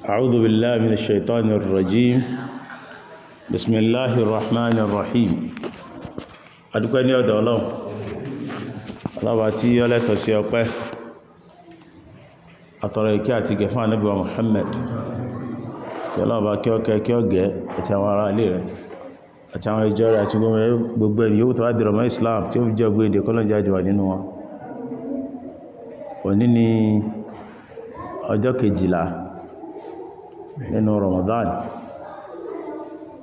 أعوذ بالله من الشيطان الرجيم بسم الله الرحمن الرحيم adúpẹ́ ní ọ̀dọ̀ ọlọ́run ọlọ́ba tí ó lẹ́tọ̀ sí ọpẹ́ àtọ̀rọ̀ ìkẹ́ àti gẹ̀ fún ànábì wa Muhammad kí ọlọ́ba kí ọkẹ́ kí ọgẹ́ àti àwọn ará ilé rẹ̀ àti àwọn ìjọ rẹ̀ àti gbogbo ẹni yóò tó wá dìrọ̀mọ́ Islam tí ó jẹ́ gbé èdè kọ́lọ́jà jù wà nínú wọn òní ni ọjọ́ kejìlá nínú Ramadan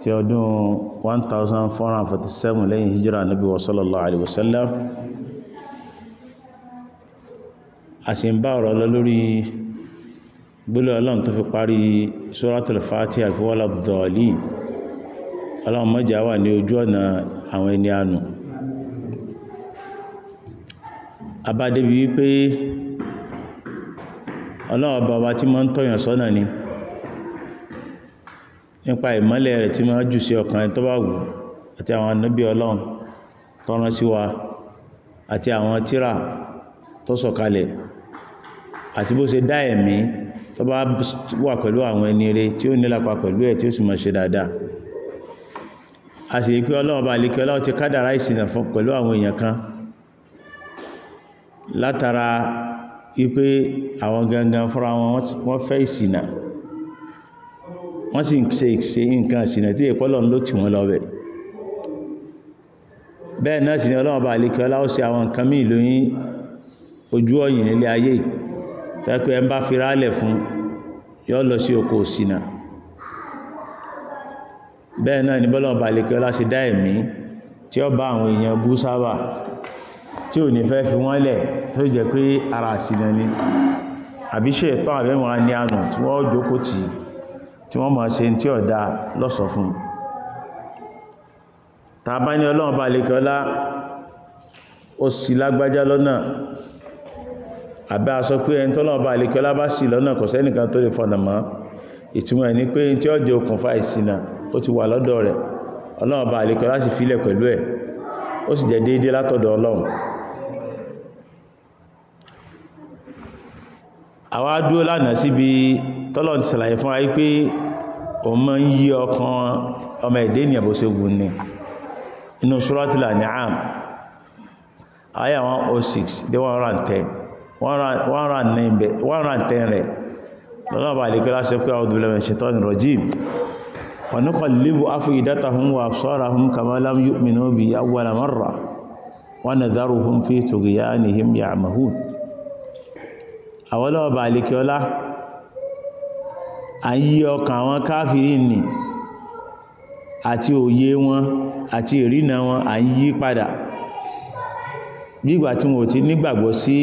ti ọdún 1447 lẹ́yìn hijira nabi wa sallallahu alaihi wasallam a sì ń bá ọ̀rọ̀ lọ lórí gbílọ̀ ọlọ́run tó fi parí suratul Fatiha wala dọ̀ọ̀lì ọlọ́run mọ́jà wà ní ojú ọ̀nà àwọn ẹni ànù abádébí wípé ọlọ́run ọba tí mọ́ ń tọ́yàn sọ́nà ni nípa ìmọ́lẹ̀ rẹ̀ tí máa jù sí ọkàn ẹni tó bá wù àti àwọn ànábì ọlọ́run tó rán sí wa àti àwọn tírà tó sọ̀kalẹ̀ àti bó ṣe dá ẹ̀mí tó bá wà pẹ̀lú àwọn ẹni rẹ̀ tí ó nílapa pẹ̀lú ẹ̀ tí ó sì mọ̀ ṣe dáadáa a sì látara wípé àwọn gangan fúnra wọn fẹ́ ìsìnà wọ́n sì ń ṣe ìṣe nǹkan ìsìnà tí ìpọ́lọ̀ ló tì wọ́n lọ́bẹ̀ bẹ́ẹ̀ náà sì ni ọlọ́run bá lè kí ọlá ó ṣe àwọn nǹkan míì lóyìn ojú ọ̀yìn nílé ayé tẹ́kọ̀ ẹ ń bá fira lẹ̀ fún yọ́ lọ sí oko òsìnà bẹ́ẹ̀ náà ni bọ́lọ̀ bá lè kí ọlá ṣe dá ẹ̀mí tí ó bá àwọn èèyàn bú sábà tí ò ní fẹ́ fi wọ́n lẹ̀ tó jẹ́ pé ara àsìnà ni àbíṣe ìtọ́ àbẹ́wọ̀n á ní àrùn tí wọ́n jókòó tì tí wọ́n máa ṣe tí ọ̀dá lọ́sọ fún tàbá ní ọlọ́run bá lè kọ́lá ó ṣì lágbájá lọ́nà àbẹ́ aṣọ pé ẹni tọ́lọ́run bá lè kọ́lá bá ṣì lọ́nà kò sẹ́nìkan tó lè fọ̀nà mọ́ ìtumọ̀ ẹ̀ ni pé tí ọjọ́ okùnfà ìṣìnà ó ti wà lọ́dọ̀ rẹ̀ ọlọ́run bá lè kọ́lá sì filẹ̀ pẹ̀lú ẹ̀ ó sì jẹ́ déédé látọ̀dọ̀ ọlọ́run àwa dúró lánàá síbi tọ́lọ̀ ti sàlàyé fún ayé pé òun máa ń yí ọkàn ọmọ èdè ènìyàn bó ṣe gùn ni inú Suratul An'am ayà 106 dé 110 rẹ̀ lọ́nà bá lè kọ́lá sọ pé àwọn obìnrin ṣetán rọ̀jìm ونقلب أفئدتهم وأبصارهم كما لم يؤمنوا به أول مرة ونذرهم في طغيانهم يعمهون أولا بالك ولا àyí ọkàn àwọn káfìrí nì àti òye wọn àti ìrìnà wọn à ń yí padà gbígbà tí wọn ò ti nígbàgbọ́ sí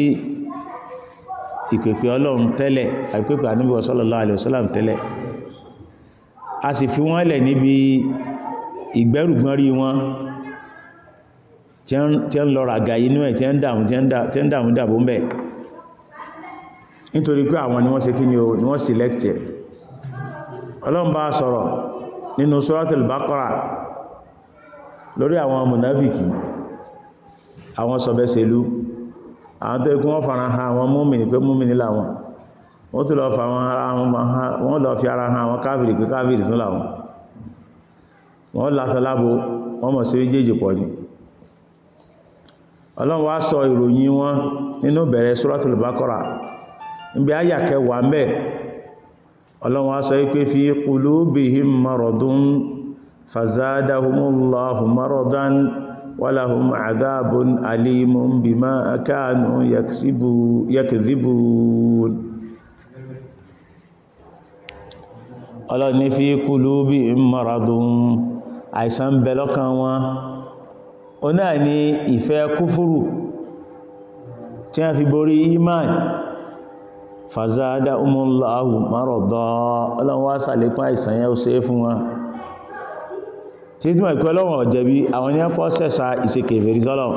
ìpèpè ọlọ́run tẹ́lẹ̀ àìpèpè àníbọ̀ sallallahu alaihi wasallam tẹ́lẹ̀ a sì fi wọ́n lẹ̀ níbi ìgbẹ́rùgbọ́nrí wọn tí ń lọ́ra ga inú ẹ̀ tí ń dàmú dàbó mẹ́ nítorí pé àwọn ni wọ́n ṣe kí ni wọ́n select ẹ̀ ọlọ́run bá sọ̀rọ̀ nínú suratul Baqara lórí àwọn mùnáfìkì àwọn sọ̀bẹ̀sẹ̀lú àwọn tó ikú wọ́n fara ha àwọn múmìnì pé múmìnì láwọn wọ́n tó lọ fi ara ha àwọn káfìrì pé káfìrì tún láwọn wọ́n látọlábo wọ́n mọ̀ sí méjèèjì pọ̀ ní ọlọ́run wá sọ ìròyìn wọn nínú bẹ̀rẹ̀ suratul Baqara níbi áyà kẹwàá mẹ́ẹ̀ ọlọ́run a sọ ipé fi qulubihim maradun fazadahumullahu maradan walahum adhabun alimun bima kanu yakdhibun ọlọ́run ní fi qulubihim maradun àìsàn bẹ lọ́kàn wọn o náà ni ìfẹ́ kúfúrù tí a fi borí iman fàzádá umùnlá ahù márọ̀dọ́ ọlọ́run wá sàlékún àìsàn yẹn ó ṣe é fún wọn tí ìdúnmọ̀ ìpẹ́ ọlọ́run ya àwọn yẹn pọ́ sẹ̀sà ìṣekè ìfèrísọ́lọ̀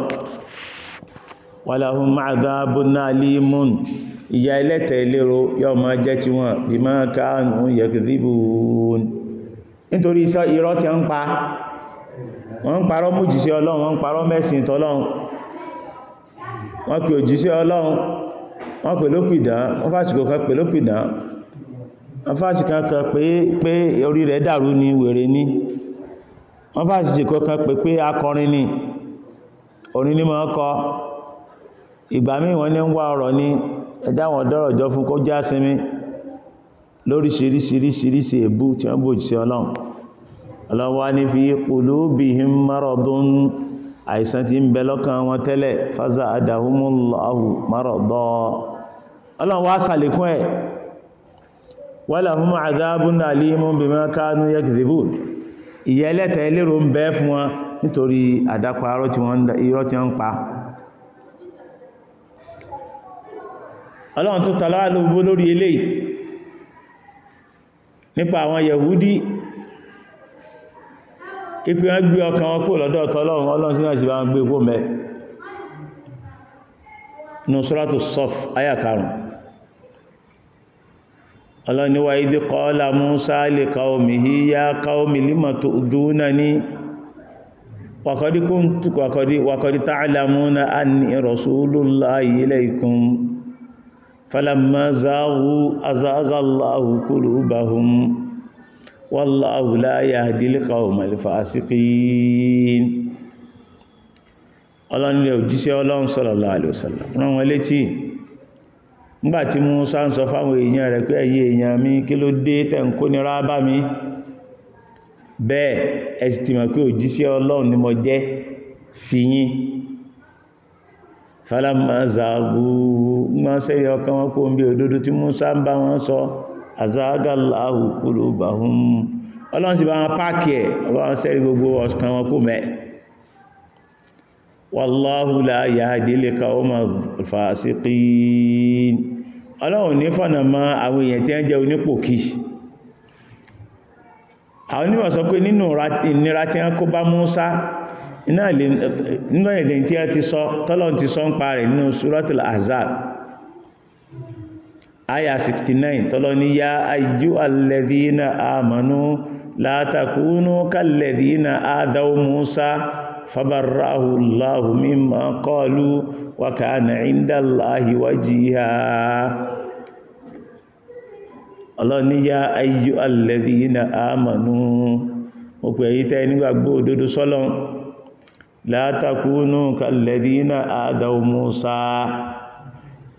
wàláhùn máàdá bóná límùn ìyà ẹlẹ́tẹ̀ ìlérò yọ ma jẹ́ ti wọn bí máa káànù yẹ̀kìdìbùn nítorí iṣẹ́ irọ́ ti ń pa wọ́n ń parọ́ mú jìṣẹ́ ọlọ́run wọ́n ń parọ́ mẹ́sìn wọ́n wọ́n pẹ̀lú pìdán wọ́n fásitì kan pẹ̀lú pìdán wọ́n fásitì kan kan pé pé orí rẹ̀ dàrú ni wèrè ni wọ́n fásitì kan kan pé pé akọrin ni orin ni máa kọ ìgbà míì wọ́n ní ń wá ọ̀rọ̀ ni ẹ̀dá wọn fún kó já sinmi lóríṣiríṣiríṣiríṣi tí wọ́n bòjì sí ọlọ́run ọlọ́wọ́ ní fi qulubihim maradun àìsàn tí ń bẹ lọ́kàn wọn tẹ́lẹ̀ fásá àdáhùmúláhù márọ̀dọ́ ọlọ́run wá sàlékún ẹ̀ wọ́lá mú àzábún alímú bí mọ́ kánú yẹ́kìzìbù ìyẹ́lẹ́tẹ̀ lérò ń bẹ fún wọn nítorí àdápa irọ́ tí wọ́n ń pa ọlọ́run tó tàlá lórí eléyìí nípa àwọn yẹ̀húdí ipi wọ́n gbé ọkàn wọn kó lọ́dọ̀ tọ́lọ́run ọlọ́run sí náà sí bá ń gbé gbó mẹ́ nù suratu Saf àyà karùn ọlọ́run ní wa idh qala Musa li qawmihi ya qawmi lima tu'dunani wàkọ̀dí kún tukọ̀ wàkọ̀dí wàkọ̀dí ta'lamuna anni wallahu la yahdil qawmal fasiqin ọlọ́nilẹ̀ òjíṣẹ́ ọlọ́run sallallahu alaihi wasallam wọn létí nígbàtí Mùsá ń sọ fáwọn èèyàn rẹ̀ pé ẹ̀yin èèyàn mi kí ló dé tẹ́ ń kó mi bẹ́ẹ̀ pé òjíṣẹ́ ọlọ́run ni jẹ́ sí yọ azagallahu qulubahum ọlọ́run sì bá wọn páàkì ẹ̀ ọlọ́run sẹ́rí gbogbo ọ̀sán wọn kò mẹ́ wallahu la yahdil qawma fasiqin ọlọ́run ní fọ́nà mọ́ àwọn èèyàn tí ń jẹ́ onípòkì àwọn onímọ̀ sọ pé nínú ìnira tí wọ́n kó bá Músá nínú ẹ̀lẹ́ tí wọ́n ti sọ tọ́lọ́run ti sọ ń pa rẹ̀ nínú suratul Ahzab aya 69 tọ́lọ ní ya ayyú alladhina amanu la takunu kalladhina adaw Musa fabarrahu Allahu mimma qalu wa kana inda Allahi wajiha ọlọ́ni ya ayyú alladhina amanu mo pè yí tẹ́ nígbàgbọ́ òdodo sọ́lọ́n la takunu kalladhina adaw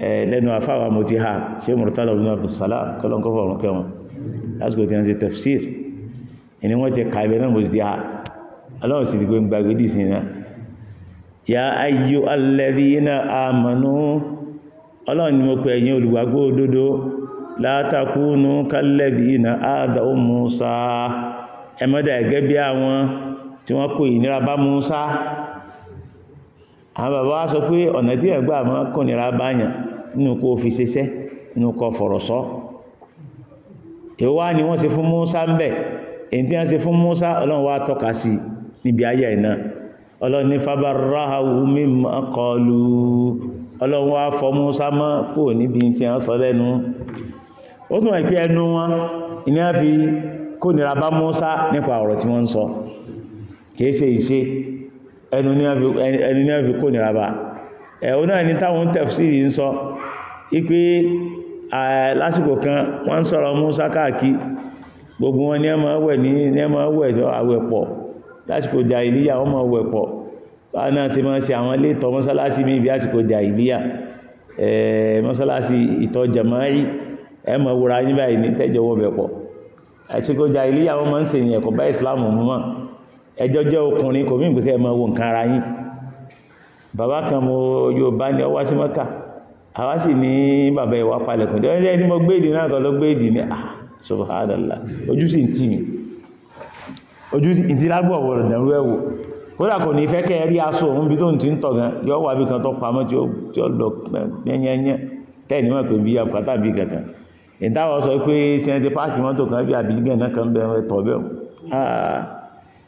Eh, lẹ́nu àfáwà mo ti ha ṣe murtala ọ̀gbìn abdulsalam kọlọ́nkọ́ kẹwọn lásìkò tí wọ́n ṣe tafsir ẹni wọ́n ti ka ibẹ̀ náà mo sì di ha aláwọ̀ sì ti gbé sí ya ayyu alladhina amanu ọlọ́run ni mo pè dodo, latakunu Musa emeda àwọn bàbá wa sọ pé ọ̀nà tí ẹ̀gbà mọ́ kọ́nira báyàn nínú kó fi ṣeṣẹ́ nínú kọ fọ̀rọ̀ sọ èwá ni wọ́n ṣe fún Músá ń bẹ̀ èyí tí wọ́n ṣe fún Músá ọlọ́run wá tọ́ka sí níbi ayé iná ọlọ́run ní fabarrahu mimma qalu ọlọ́run wá fọ Músá mọ́ kò níbi ẹnu ni a fi kó nìra bá ẹ̀hùn náà ni táwọn tafsiri ń sọ ipé lásìkò kan wọ́n sọ̀rọ̀ Mùsá káàkí gbogbo wọn ní ẹmọ wẹ̀ ní ẹmọ wẹ̀ àwẹ̀pọ̀ lásìkò jàìlíyà wọ́n mọ̀ wẹ̀pọ̀ náà ti máa ṣe àwọn ilé ìtọ̀ mọ́sálásí ní ibi àsìkò jàìlíyà mọ́sálásí ìtọ̀ jàmáì ẹmọ wùra yín báyìí ní tẹ́jọ wọ́bẹ̀pọ̀ àsìkò jàìlíyà wọ́n máa ń ṣèyìn ẹ̀kọ́ bá ìsìlámù mọ́ ẹjọ́ jẹ́ ọkùnrin kò mín pẹ̀kẹ́ ẹmọ wo nǹkan ara yín bàbá kan mo Yorùbá ní ọwá sí mọ́kà àwa sì ní bàbá ìwà palẹ̀kùn jẹ́ ẹni mo gbéèdì náà kan ló gbéèdì ní ah subhanallah ojú sì ń tì mí ojú ìtì lágbọ̀ ọ̀wọ̀rọ̀ dẹ̀rú ẹ̀wò kódà kò ní fẹ́ kẹ́ rí aṣọ òun bí tó ń ti ń tọ̀ gan yọ wà bí kan tó pamọ́ tí ó lọ yẹ́nyẹ́nyẹ́ tẹ́ẹ̀ni mọ̀ pé bí àpàtà bí kankan ìdáwọ̀ sọ pé ṣe páàkì mọ́tò kan bí àbígàn náà kan bẹ̀rẹ̀ tọ̀ bẹ́ẹ̀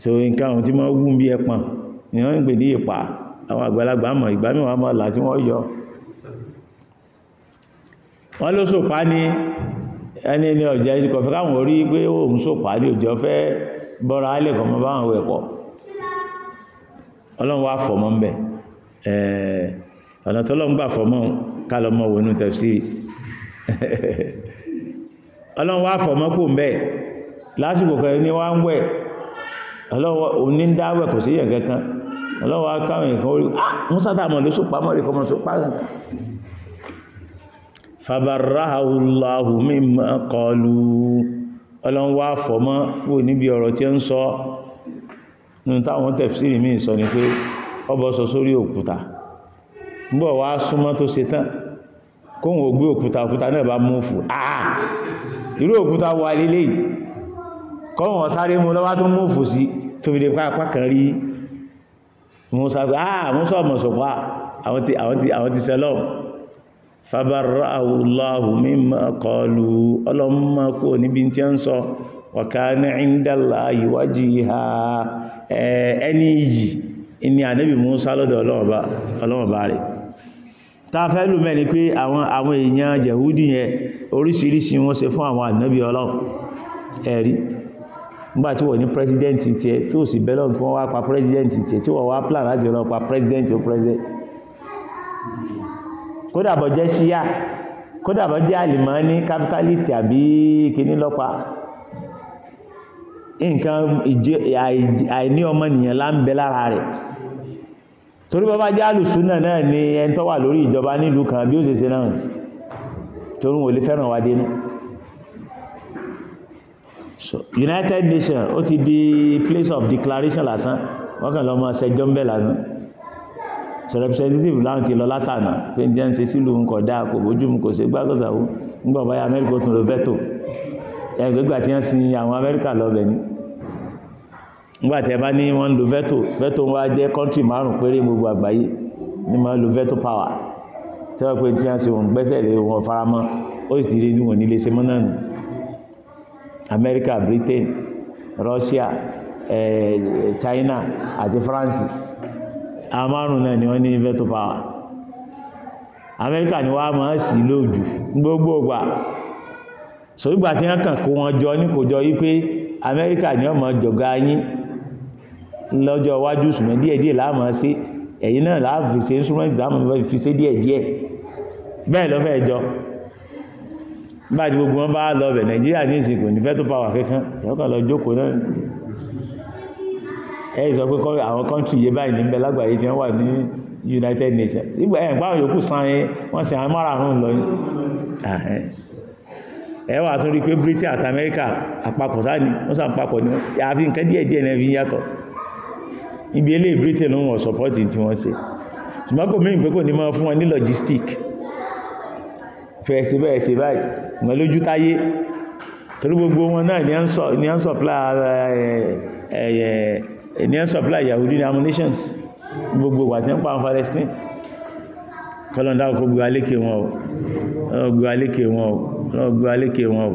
so nǹkan àwọn ti wọ́n wú bi ẹpọ̀n ni wọ́n ń gbè ní ìpà àwọn àgbàlagbà yọ wọ́n ló sòpá ní ẹni ní ọ̀jẹ́ ìkọ̀ fẹ́ káwọn orí pé òun sòpá ní òjò fẹ́ bọ́ra alẹ́kọ̀ọ́ mọ́ báwọn wẹ̀ pọ̀ ọlọ́run wá to ń bẹ̀ ọ̀nà tọ́lọ́run gbà fọ̀mọ́ tafsiri kan ọlọ́wọ́ onídáwẹ̀ kò sí yẹ̀ kankan ọlọ́wọ́ akáwọn èèyàn orí ah, músátà mọ̀ ló sópa mọ́ rí kọmọ sópa rẹ̀ fàbàráhàúláhù mímọ̀ kọlu ọlọ́wọ́ afọ́mọ́ wò níbi ọ̀rọ̀ tí ń sọ nínú táwọn tẹ̀fsìrì míì sọ ni pé ọbọ̀ sọ sórí òkúta gbọ́ wá súnmọ́ tó ṣe tán kóhùn ògbé òkúta òkúta náà bá mú fù áà ah, ah, irú òkúta wà lélẹ́yìí kọ́wọ̀n sáré mú lọ́wọ́ tó mú fù sí i tó fi lè pa apá kan rí Musa pé ah Musa ọmọ sọpá àwọn ti àwọn ti àwọn ti sẹlọ́m fabarra'ahullahu mimma qalu ọlọ́mọ kú níbi tí ó ń sọ wa kana 'indallahi wajiha ẹni yìí ni ànábì Musa lọ́dọ̀ ọlọ́ọ̀bá rẹ̀ ta fẹ́ lù mẹ́ni pé àwọn àwọn èèyàn Yẹ̀húdì yẹn oríṣiríṣi wọ́n ṣe fún àwọn ànábì Ọlọ́run ẹ̀rí nígbà tí wọ́n ní pírẹsidẹ́ǹtì tiẹ̀ tó sì bẹ́lọ̀ kí wọ́n wá pa pírẹsidẹ́ǹtì tiẹ̀ tí wọ́n wá plan láti lọ pa pírẹsidẹ́ǹtì ó pírẹsidẹ́ǹtì kódà bọ́ jẹ́ ṣíyà kódà bọ́ jẹ́ àlìmọ́ní capitalist àbí kíní lọ́pa nǹkan àìní ọmọnìyàn láńbẹ lára rẹ̀ torí bọ́ bá jẹ́ àlùsúnà náà ni ẹni tó wà lórí ìjọba nílùú kan bí ó ṣe ṣe náà torí wọn ò lè fẹ́ràn wa dénú So, united nations ó ti di place of declaration lásán wọ́n kàn lọ mọ́ ṣẹjọ́ ń bẹ̀ lásán so representative láwọn ti lọ látànà pé jẹ́ ń ṣe sílùú ń kọ̀dá kò bójú mu kò ṣe gbágbọ́sàwó nígbà báyà amẹ́ríkà ó tún lo veto ẹgbẹ́gbà tí wọ́n sin àwọn amẹ́ríkà lọ́bẹ̀ ni nígbà tí ẹ bá ní wọ́n ń lo veto veto wá jẹ́ country márùn péré gbogbo àgbáyé ní wọ́n lo veto power tí wọ́n pe tí wọ́n ṣe òun gbẹ́sẹ̀ lé wọn faramọ́ ó sì ti rí wọn nílé ṣe mọ́ náà nù America, Britain, Russia, eh, China àti France àwọn márùn náà ni wọ́n ní veto power Amẹ́ríkà ni wọ́n máa sí lóòjù gbogbo ìgbà so ìgbà tí wọ́n kàn kó wọn jọ ní kò jọ wípé Amẹ́ríkà ni wọ́n máa jọ̀gá yín lọ́jọ́ iwájú ṣùgbọ́n díẹ̀díẹ̀ láàmà sí ẹ̀yìn náà láàfi ṣe instrument láàmà fi ṣe díẹ̀díẹ̀ bẹ́ẹ̀ lọ́fẹ́ jọ nígbà tí gbogbo wọn bá lọ bẹ̀ nàìjíríà ní ìsìnkú ní fẹ́ tó pàwà kankan ìyọ́kàn lọ jókòó náà ẹ sọ pé àwọn kọ́ńtì yé báyìí níbẹ̀ lágbàáyé tí wọ́n wà ní United Nations ìgbà ẹ̀ pàwọn yòókù san yẹn wọ́n sì àwọn márààrún lọ yìí ẹ wà tún rí pé Britain àti America àpapọ̀ sáni wọ́n sàn papọ̀ ni àfi nǹkan díẹ̀ díẹ̀ náà fi ń yàtọ̀ ibi eléyìí Britain ló ń wọ̀ support tí wọ́n ṣe ṣùgbọ́n kò mí ìpé kò ní máa fún wọn ní logistic fẹ̀ẹ́sì bẹ́ẹ̀ ṣe báyìí wọn lójú táyé torí gbogbo wọn náà ni a ń sọ̀plá ni a ń sọ̀plá eh, eh, eh, Yahudi ní ammunitions gbogbo wà tí ń pa àwọn Palestine kọlọ̀ndà ọkọ̀ gbogbo alékè wọn ò gbogbo alékè wọn ò gbogbo alékè wọn ò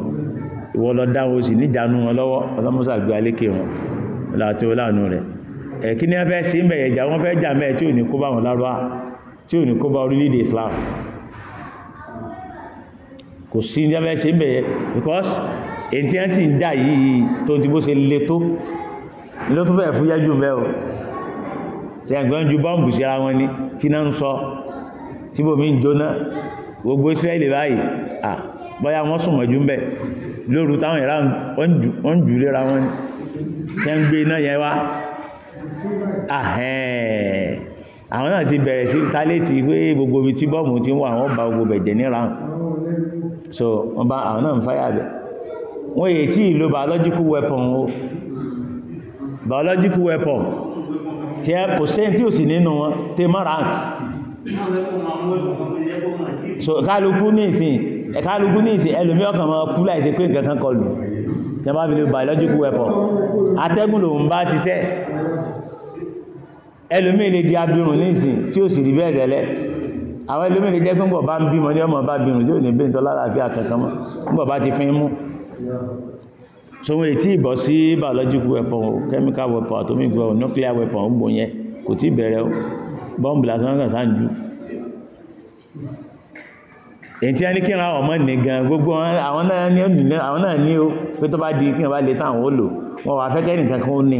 ìwọ lọ dáwọn òsì níjànú wọn lọ́wọ́ ọlọ́mọ́sà gbogbo alékè wọn láti ọlànà rẹ̀ ẹ̀kí ni a fẹ́ sí mẹ́ẹ̀jà wọ́n fẹ́ jà mẹ́ẹ̀ tí ò ní kó bá wọn lárúwá tí ò ní kó bá orílẹ̀-èdè Islam kò sí ní ọmọ ẹ̀ṣẹ́ bẹ̀yẹ because èyí tí wọ́n sì ń jà yìí tó ti bó ṣe le tó ló tó bẹ̀rẹ̀ fúyẹ́ jù bẹ́ẹ̀ o ṣe ẹ̀gbọ́n ju bọ́ǹbù síra wọn ni tí náà ń sọ tí bòmí ń jóná gbogbo Ísírẹ́lì báyìí à bọ́yá wọ́n sùn mọ̀jú bẹ̀ lóru táwọn ìrà wọ́n jù lera wọn ni tí wọ́n gbé iná yẹn wá àhẹ́ẹ̀ àwọn náà ti bẹ̀rẹ̀ sí tálẹ́tì pé gbogbo ibi tí bọ́ọ̀mù ti wà wọ́n bá gbogbo bẹ̀jẹ̀ ní ráhùn so wọ́n bá àwọn náà ń fáyà bẹ̀ wọ́n èyí tí ìlò biological weapon o biological weapon tí ẹ kò sẹ́yìn tí ò sì nínú wọn tí mọ́ ráhùn so kálukú ní ìsìn ẹ̀kálukú ní ìsìn ẹlòmí ọkàn mọ́ púlà ìsìn pé nǹkan kan kọlù tí wọ́n bá fi lo biological weapon atẹ́gùn lòun bá ṣiṣẹ́ ẹlòmí lè di abirùn nísìn tí ó sì rí bẹ́ẹ̀ tẹ́lẹ̀ àwọn ẹlòmí lè jẹ́ pé bọ̀ bá ń bímọ ní ọmọ bá birùn tí ò ní bíntọ́ lálàáfíà kankan mọ́ bọ̀ bá ti fín mú so wọn ètí ìbọ̀ sí biological weapon chemical weapon atomic weapon nuclear weapon gbogbo yẹn kò tí bẹ̀rẹ̀ o bọ́m̀bù èyí tí a ní kí ra ọmọ ní gan gbogbo àwọn náà ní o pé tó bá di kí wọ́n bá lè táwọn ó lò wọ́n wà fẹ́kẹ́ nìkan kan ní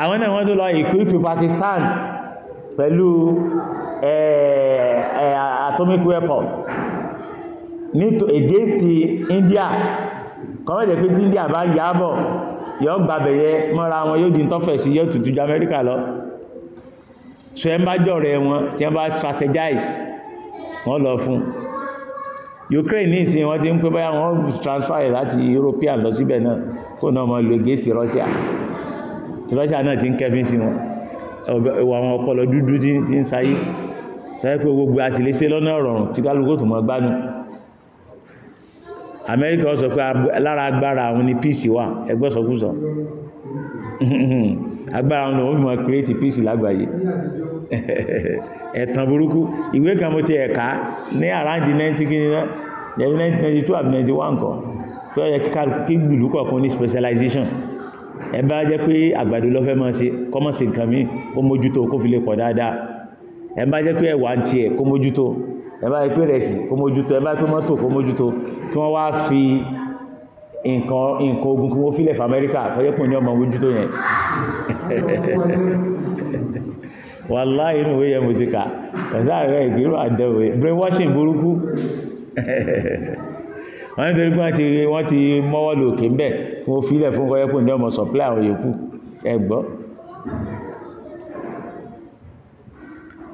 àwọn náà wọ́n tó lọ equip Pakistan pẹ̀lú atomic weapon nítò against India kọ́mọ̀jẹ̀ pé tí India bá yábọ̀ yọ gbàbẹ̀yẹ mọ́ra wọn yóò di tọ́fẹ̀ sí yóò tuntun ju Amẹ́ríkà lọ so ẹ bá jọ̀rẹ̀ wọn tí wọ́n bá strategize wọ́n lọ fún Ukraine ní ìsìn wọ́n ti ń pẹ́ báyá wọ́n transfer láti European lọ síbẹ̀ náà kó náà mọ́ lo against Russia tí Russia náà ti ń kẹfín sí wọn ẹwà àwọn ọpọlọ dúdú tí ń sayé tẹ́lẹ̀ pé gbogbo àtìlẹ́sẹ́ lọ́nà ọ̀rọ̀rùn tí kálukú tó mọ́ gbádùn Amẹ́ríkà sọ pé lára agbára àwọn ni peace wà ẹgbọ́sọkúsọ agbára àwọn òun fi mọ̀ create peace lágbàáyé ẹ̀tàn burúkú ìwé kan mo ti ẹ̀ka ní around the 1992 àbí 91 kan tó yẹ kí gbìlú kọ̀ọ̀kan ní specialization ẹ̀bá jẹ́ pé àgbàdo lọ́fẹ́ máa ṣe kọ́mọ̀ sí nǹkan mí kó mójútó kó fi lè pọ̀ dáadáa ẹ̀bá jẹ́ pé ẹ̀wà ti ẹ̀ kó mójútó ẹ̀bá jẹ́ pé rẹ̀sì kó mójútó ẹ̀bá pé mọ́tò kó mójútó kí wọ́n wá fi nǹkan nǹkan ogun kí wọ́n fílẹ̀ fún Amẹ́ríkà kọjẹ́ pò ní ọmọ mójútó yẹn wàláhì inú ìwé yẹn mo ti kà ẹ̀sà rẹ̀ ìgbérò àdẹ̀wẹ̀ brainwashing burúkú wọ́n ní torí pé wọ́n ti wọ́n ti mọ́wọ́ lò òkè ńbẹ̀ fún òfilẹ̀ fún kọ́yẹ́pù ní ọmọ supply àwọn yòókù ẹgbọ́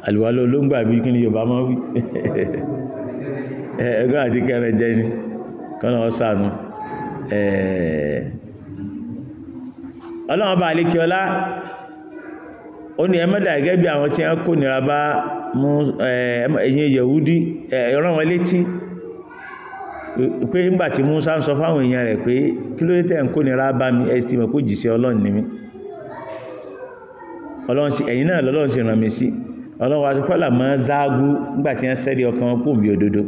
àlùwálò olóńgbò àbí kí ni Yorùbá máa wí ẹgbẹ́ àti kẹrẹ jẹ ni kọ́nà ọ̀sánú ọlọ́run bá alékí ọlá ó ní ẹmẹ́dà gẹ́gẹ́ pé ńgbàtí Musa ń sọ fáwọn èèyàn rẹ̀ pé kí ló tẹ́ ń kó mi ẹ̀sìtì mọ̀ kó jìsẹ́ ọlọ́run ni mi ẹ̀yìn náà lọ́lọ́run sì ràn mí sí ọlọ́run wa kọ́là mọ́ záágú ńgbàtí ń sẹ́rí ọkàn wọn bí òdodo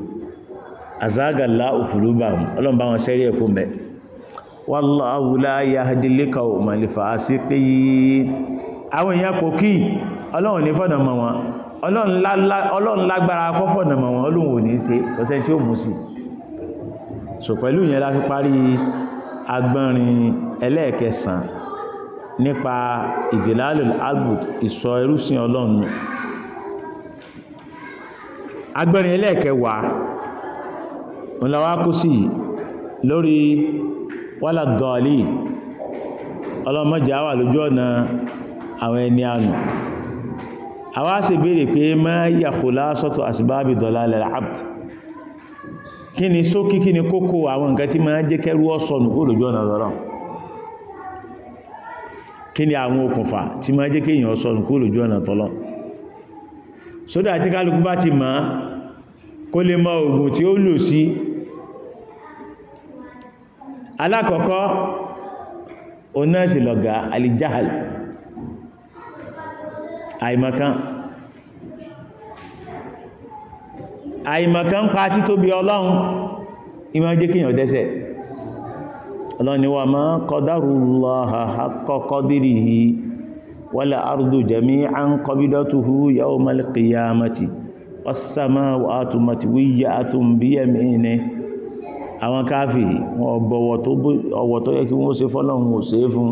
àzágàlá òkúrúbà ọlọ́run bá wọn sẹ́rí ẹ̀kọ́ mẹ́ wallahu la yahdil qawmal fasiqin àwọn èèyàn kò kí ọlọ́run ní fọ́nà wọn ọlọ́run lágbára kọ́ fọ́nà wọn ọlọ́run so pẹ̀lú yẹn láti parí agbọ́nrin ẹlẹ́ẹ̀kẹsàn nípa ìdìláàlù albut ìsọ ẹrúsìn ọlọ́run agbọ́nrin ẹlẹ́ẹ̀kẹwàá ńlọwá kú sí lórí wálà gọ́ọ̀lì ọlọ́mọjà wà lójú ọ̀nà àwọn ẹni ànù àwa sì béèrè pé má yàkùlá sọ́tọ̀ àsìbábì dọ̀lá lẹ́lẹ́ àbdù kí ni sókí kí ni kókó àwọn nǹkan tí máa jẹ́ kẹrù ọ̀sọ̀nù kó lójú ọ̀nà lọ́rọ̀ kí ni àwọn okùnfà tí máa jẹ́ kéèyàn ọ̀sọ̀nù kó lójú ọ̀nà tọ́lọ́ sódà tí kálukú bá ti máa kó lè mọ ògùn tí ó lò sí alákọ̀ọ́kọ́ onáṣìlọ̀gà alìjáhàlì àìmọ̀kan àìmọ̀kan pa títóbi ọlọ́run ìmọ̀ jẹ́ kíyàn dẹ́sẹ̀ ọlọ́ni wa ma qadarullaha haqqa qadrihi wal ardu jami'an qabdatuhu yawmal qiyamati was samawatu matwiyyatun biyaminihi àwọn káàfì wọn ọ̀bọ̀wọ̀ tó yẹ kí wọ́n ṣe fọ́lọ́run ò ṣe fún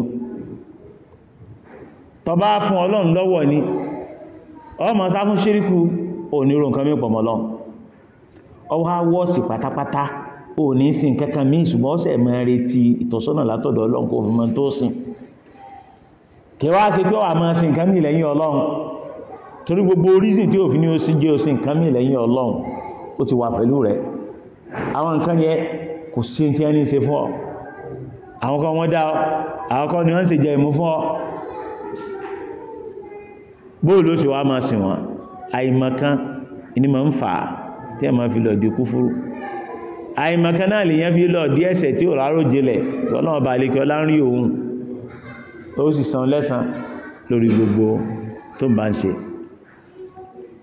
tọba fún ọlọ́run lọ́wọ́ ni ọmọ sáfún nǹkan mẹ́pọ̀ mọ́lọ́run ọwọ́ wọ́ọ̀sì pátápátá ò ní sin kankan míì ṣùgbọ́n ọ̀sẹ̀ mọ́ retí ìtọ́sọ́nà látọ̀dọ̀ ọlọ́run kò fi mọ́ tó sìn kí wá ṣe pé wà máa sin nǹkan mìí lẹ́yìn gbogbo orísìn tí ò fi ó sí jẹ́ òsìn nǹkan mìí lẹ́yìn ọlọ́run ó ti wà pẹ̀lú rẹ̀ àwọn yẹ kò sí a ṣe fún ọ àwọn kan wọ́n dá ọ àwọn kan ni wọ́n sì jẹ ìmú fún ọ bóòlù ó sì wá tí a máa fi lọ di kúfúrú àìmọ̀kan náà lèyàn fi lọ di ẹ̀ṣẹ̀ tí ò rárò jinlẹ̀ lọ́nà ọba àlekẹ́ ọlá ń rí òun ó sì san lẹ́san lórí gbogbo tó bá ń ṣe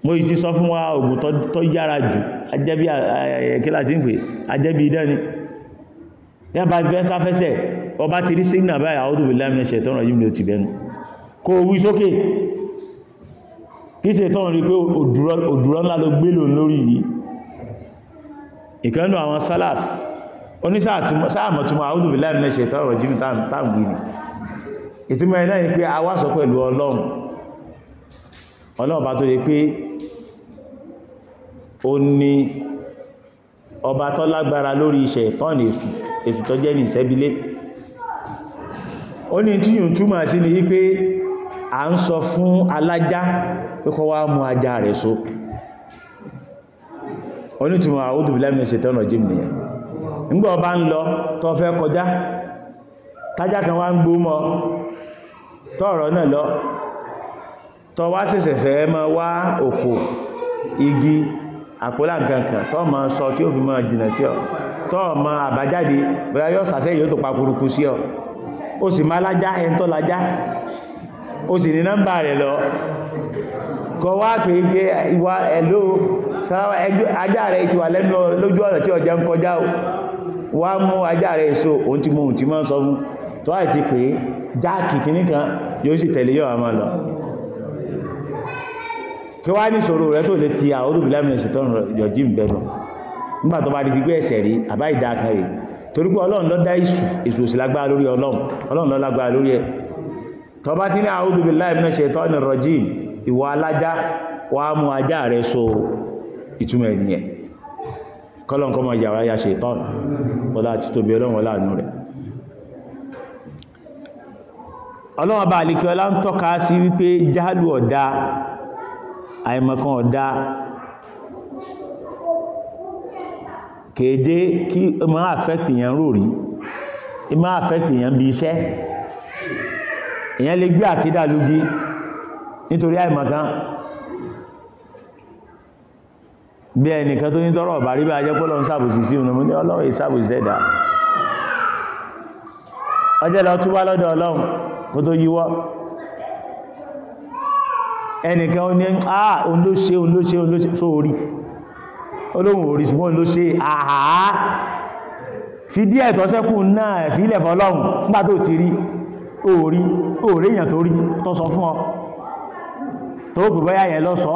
mo yìí ti sọ fún wa ògùn tó yára jù ajẹ́bí ẹ̀kílà tí ń pè ajẹ́bí idán ni yába fẹ́ sáfẹ́sẹ̀ ọba ti rí sígnà báyìí àwọn òdùbí láàmì ẹ̀ṣẹ̀ tọ́rọ yìí ni ó ti bẹnu kó wí sókè kí ṣe tọ́rọ rí pé òdúrọ́ ńlá ló gbé lòun lórí yìí ìkanú àwọn salaf onísáàmọ̀túnmọ̀ àwúdù billahi minash shaitani rajim táàmù ní ìtumọ̀ ẹ̀nà ni pé a wá sọ pẹ̀lú ọlọ́run ọlọ́run bá tó yẹ pé ó ní ọba tó lágbára lórí iṣẹ́ ìtọ́nì èsù èsù ni wípé à ń sọ fún alájá pé kó wá onítùmọ̀ a'udhu billahi minash shaitani rajim nìyẹn nígbà ọba ń lọ tó fẹ́ kọjá tájá kan wá ń gbó mọ́ tọ́ọ̀rọ̀ náà lọ tọ́ wá ṣẹ̀ṣẹ̀ fẹ́ mọ́ wá òkò igi àpólà nǹkankan tọ́ ma sọ tí ó fi mọ́ jìnà sí ọ tọ́ ma àbájáde bẹ́rẹ̀ yóò sàṣẹ́ yóò tó pakuruku sí ọ ó sì má lájá ẹntọ́ lájá ó sì ní nọ́mbà rẹ̀ lọ kọ wá pé ìwà ẹ̀lò sáwà ajá rẹ̀ ti wà lẹ́nu lójú ọ̀nà tí ọjà ń kọjá o wá mú ajá rẹ̀ èso òun ti mú òun ti máa ń sọ fún tó wà ti pé jáàkì kìíní kan yóò sì tẹ̀lé yóò máa lọ kí wá ní ìṣòro rẹ tó lè ti àwọn olùbílámìnà ṣètọ́nù yọjí ìbẹ̀rù nígbà tó bá di gbígbé ẹ̀ṣẹ̀ rí àbá ìdá kan rèé torí pé ọlọ́run dá ìṣù èṣù òsì lágbára lórí ọlọ́run ọlọ́run ló lágbára lórí ẹ̀ tó bá ti ní àwọn olùbílámìnà ṣètọ́nù rọjí ìwọ alájá wàá mú ajá rẹ so ìtumọ̀ ènìyàn kọ́lọ̀ kọ́mọ yàrá ya ṣe ìtọ́nù wọ́lá àti tóbi ọlọ́run wọ́lá àánú rẹ̀ ọlọ́run bá àlekẹ́ ọlá ń tọ́ka sí wípé jáàlù ọ̀dá àìmọ̀kan ọ̀dá kèèdé kí o máa affect èèyàn rórí o máa affect èèyàn bí iṣẹ́ èèyàn lè gbé àkídà lójí nítorí àìmọ̀kan bí ẹnìkan tó ní tọrọ ọ̀bà rí bá jẹ́ pé lọ́n sàbòsí sí òun ní ọlọ́run ìsàbòsí ẹ̀dá ọjọ́ lọ túbá lọ́dọ̀ ọlọ́run kó tó yíwọ́ ẹnìkan ó ní àà òun ló ṣe òun ló ṣe òun ló ṣe só orí olóhun orí ṣùgbọ́n ló ṣe àhàá fi díẹ̀ tọ́sẹ́kù náà ẹ̀fílẹ̀ fọlọ́run nígbà tó ti rí orí orí èèyàn tó rí tó sọ fún ọ tó gbogbo ẹ̀yà yẹn lọ sọ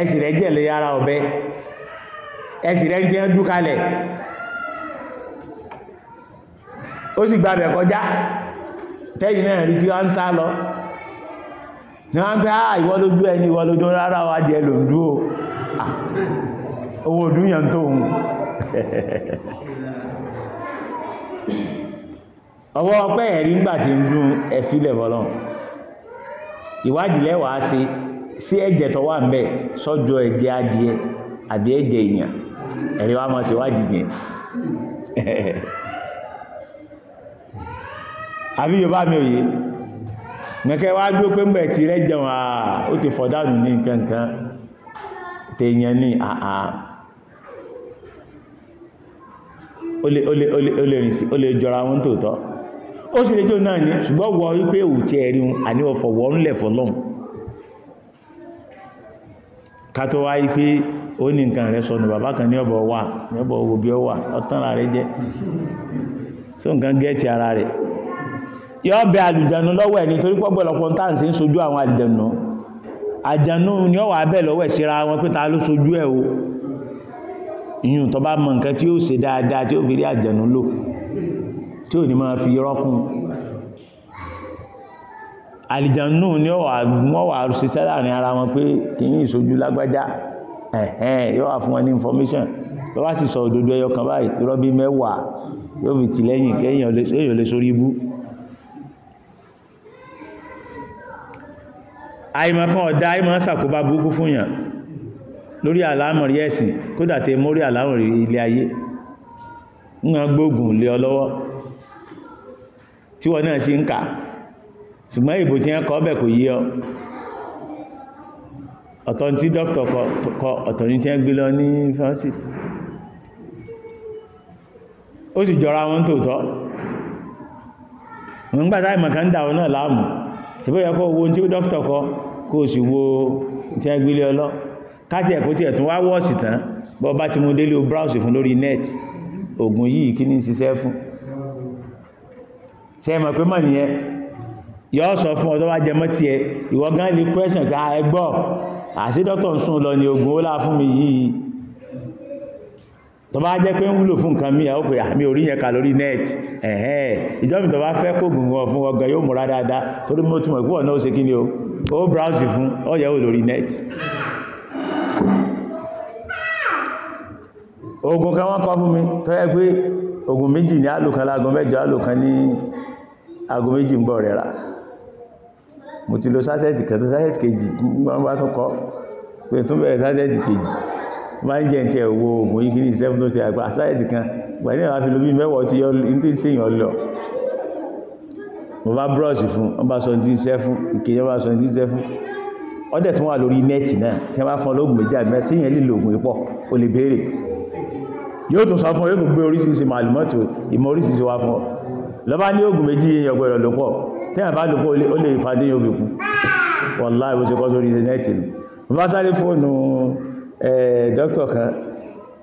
ẹsì rẹ̀ jẹ̀lẹ̀ obe. ọ̀bẹ ẹsì rẹ̀ jẹ́ dúkalẹ̀ ó sì gbàbẹ̀ kọjá tẹ́yìn náà rí tí wọ́n ń sá lọ ní wọ́n pẹ́ àà ìwọ́ ẹni wa jẹ́ lò ń dúó ah, owó òdúnyàn tó ti ń dún ẹ̀fílẹ̀ bọ́lọ́n ìwádìí lẹ́wàá sí si ẹ̀jẹ̀ tó wà ńbẹ̀ sọ́jọ́ ẹ̀jẹ̀ adìẹ àbí ẹ̀jẹ̀ èèyàn ẹ̀yìn wa máa ṣèwádìí yẹn àbí mi mẹ́kẹ́ wá dúró pé ti rẹ́ jẹun àà ó ti fọ̀dánù ní nǹkankan tèèyàn ní àà ó lè jọra wọn tòótọ́ ó sì lè jò náà ní ṣùgbọ́n wọ wípé ká tó wáyé pé ó ní nǹkan rẹ̀ sọnù bàbá kan ní ọ̀bọ̀ wà ní ọ̀bọ̀ owó bí wà ọ̀tán rẹ̀ jẹ́ so nǹkan gẹ́ẹ̀tì ara rẹ̀ yọ́ bẹ àlùjànnú lọ́wọ́ ẹni torí pọ́pọ̀lọpọ̀ ń tàn sí ń sojú àwọn àlùjànnú àjànú ni ó wà bẹ́ẹ̀ lọ́wọ́ ìṣẹ́ra wọn pé ta ló sojú ẹ̀ o ìyún tó bá mọ nǹkan tí ó ṣe dáadáa tí ó fi rí àjànú lò tí ò ní máa fi rọ́kùn àlìjànú ni wọ́n wà ṣiṣẹ́ láàrin ara wọn pé kì ní ìṣojú lágbájá ẹ̀hẹ́n yóò wà fún wọn ní information tó wá sì sọ òdodo ẹyọ kan báyìí irọ́ bí mẹ́wàá yóò fi tì lẹ́yìn kéèyàn lè sórí ibú àìmọ̀ kan ọ̀dá àìmọ̀ sàkóbá burúkú fún yàn lórí àlámọ̀rí ẹ̀sìn kódà tẹ mórí àlámọ̀rí ilé ayé ń gbógun lé ọ lọ́wọ́ tí wọ́n náà sì ń kà ṣùgbọ́n ìbò tí wọ́n kọ́ bẹ̀ kò yí ọ ọ̀tọ̀ tí dókítà kọ ọ̀tọ̀ ní tí wọ́n gbé lọ ní pharmacist ó sì jọra wọn tòótọ́ wọ́n gbà táì mọ̀kán dà wọn náà láàmú ṣùgbọ́n yẹ kó wo tí dókítà kọ kó o sì wo tí wọ́n gbé lọ káàtì ẹ̀kọ́ tí ẹ̀tún wá wọ́ọ̀sì tán bọ́ bá ti mú délé o browse fún lórí net ògùn yìí kí ní ṣiṣẹ́ fún ṣe mọ̀ pé mọ̀ nìyẹn yọọ sọ fún ọdọ́wà jẹmọ́ ti ẹ ìwọ̀gán ilé question ká ẹgbọ́ àti dọ́tọ̀ ń lọ ní ogun ó fún mi yìí tó bá jẹ́ pé ń wúlò fún nǹkan mi ó pè àmì orí yẹn net ẹ̀hẹ́n ìjọ́mì tó bá fẹ́ kó fún ọgbẹ̀ yóò múra dáadáa torí mo túnmọ̀ ìpúwọ̀ náà ó ṣe o ó browse fún ọyẹ̀wò lórí net ogun kan fún mi yẹ pé méjì ní ní méjì mo ti lo sáṣẹ́ẹ̀tì kan tán sáṣẹ́ẹ̀tì kejì nígbà wọn bá tún kọ́ pé tún bẹ̀rẹ̀ sáṣẹ́ẹ̀tì kejì máa ń jẹ́ ní tiẹ̀ wo òògùn yìí kí ní ìṣẹ́fún tó ti àgbà sáṣẹ́ẹ̀tì kan ìgbà ní àwọn afi lo bíi mẹ́wàá ti yọ ní tí ń sèyàn lọ mo bá búrọ̀ṣì fún wọn bá sọ ní tí ń sẹ́fún ìkejì wọn bá sọ ní tí ń sẹ́fún wọ́n dẹ̀ tún wà lórí nẹ́ẹ̀tì náà tí wọ́n bá fún ọlọ́gùn méjì àbí mẹ́ta tíyẹn lè lo ògùn pọ̀ o lè béèrè yóò tún sọ fún yóò tún gbé oríṣiríṣi màlúmọ́tò ìmọ̀ oríṣiríṣi wá fún ọ lọ́bá ní oògùn méjì yíyan ọgbẹ̀rẹ̀ lọ́pọ̀ tí àbá lòpọ̀ ó lè fàdé yóò fi kú wọ́nlá ìwò ṣe kọ́ sórí ìdẹ́nẹ́tì nù mo bá sáré fóònù dókítà kan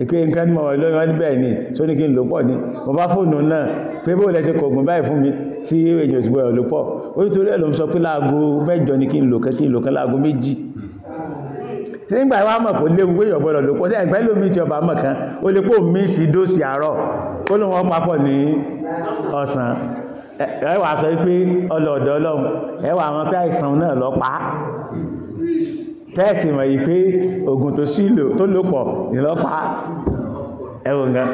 ìpé nǹkan tí mo wọ̀ lórí wọn níbẹ̀ ni tó ní kí n lòpọ̀ ni mo bá fóònù náà pé bó lẹ́sẹ̀ kọ ògùn báyìí fún mi tí èèyàn òsìgbọ̀ lòpọ̀ ó nítorí ẹ̀ ló ń sọ pé láago mẹ́jọ ni kí n lò kẹ́ kí n lò kẹ́ láago méjì tí nígbà wá mọ̀ kó léwu pé èèyàn gbọ́dọ̀ lò pọ̀ sí ẹ̀gbẹ́ lómi tí ọba mọ̀ kan ó lè pò mí sí dóòsì àárọ̀ kó ló wọ́n papọ̀ ní ọ̀sán ẹ wàá sọ pé ọlọ́ọ̀dọ́ ọlọ́run ẹ wàá mọ̀ pé àìsàn náà lọ pa á tẹ́ẹ̀sì mọ̀ yìí pé oògùn tó sí tó lò pọ̀ ní lọ pa á ẹwọ nǹkan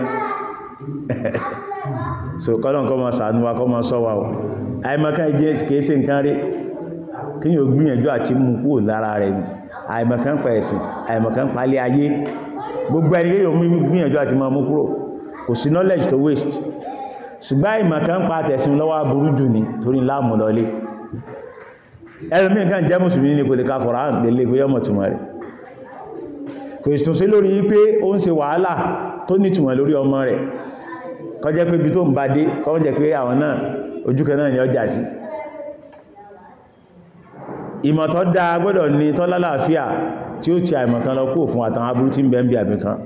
so kọ́lọ̀n kọ́ mọ́ sàánúwà kọ́ mọ́ sọ́wà o àìmọ́ká ìjẹ́ kìí ṣe nǹkan rí kí yóò gbìyànjú àti mú kúrò lára rẹ̀ ni àìmọ̀kan pa ẹ̀sìn àìmọ̀kan pa alẹ́ ayé gbogbo ẹni yóò mú gbìyànjú àti máa mú kúrò kò sí knowledge to waste ṣùgbọ́n àìmọ̀kan pa tẹ̀sìn lọ́wọ́ burú jù ní torí láàmù lọlé ẹlòmíì kan jẹ́ mùsùlùmí ní kò lè ka Kùránì gbélé pé yọmọ̀ túmọ̀ rẹ̀ kò sì tún sí lórí pé ó ń ṣe wàhálà tó nítumọ̀ lórí ọmọ rẹ̀ kọjẹ́ pé ibi tó ń bá dé kọ́ jẹ́ pé àwọn náà ojú kan náà ni ọjà sí ìmọ̀ tó dáa gbọ́dọ̀ ní tó lálàáfíà tí ó ti àìmọ̀kan lọ kúrò fún àtàwọn aburú tí ń bẹ ń bí àbìkan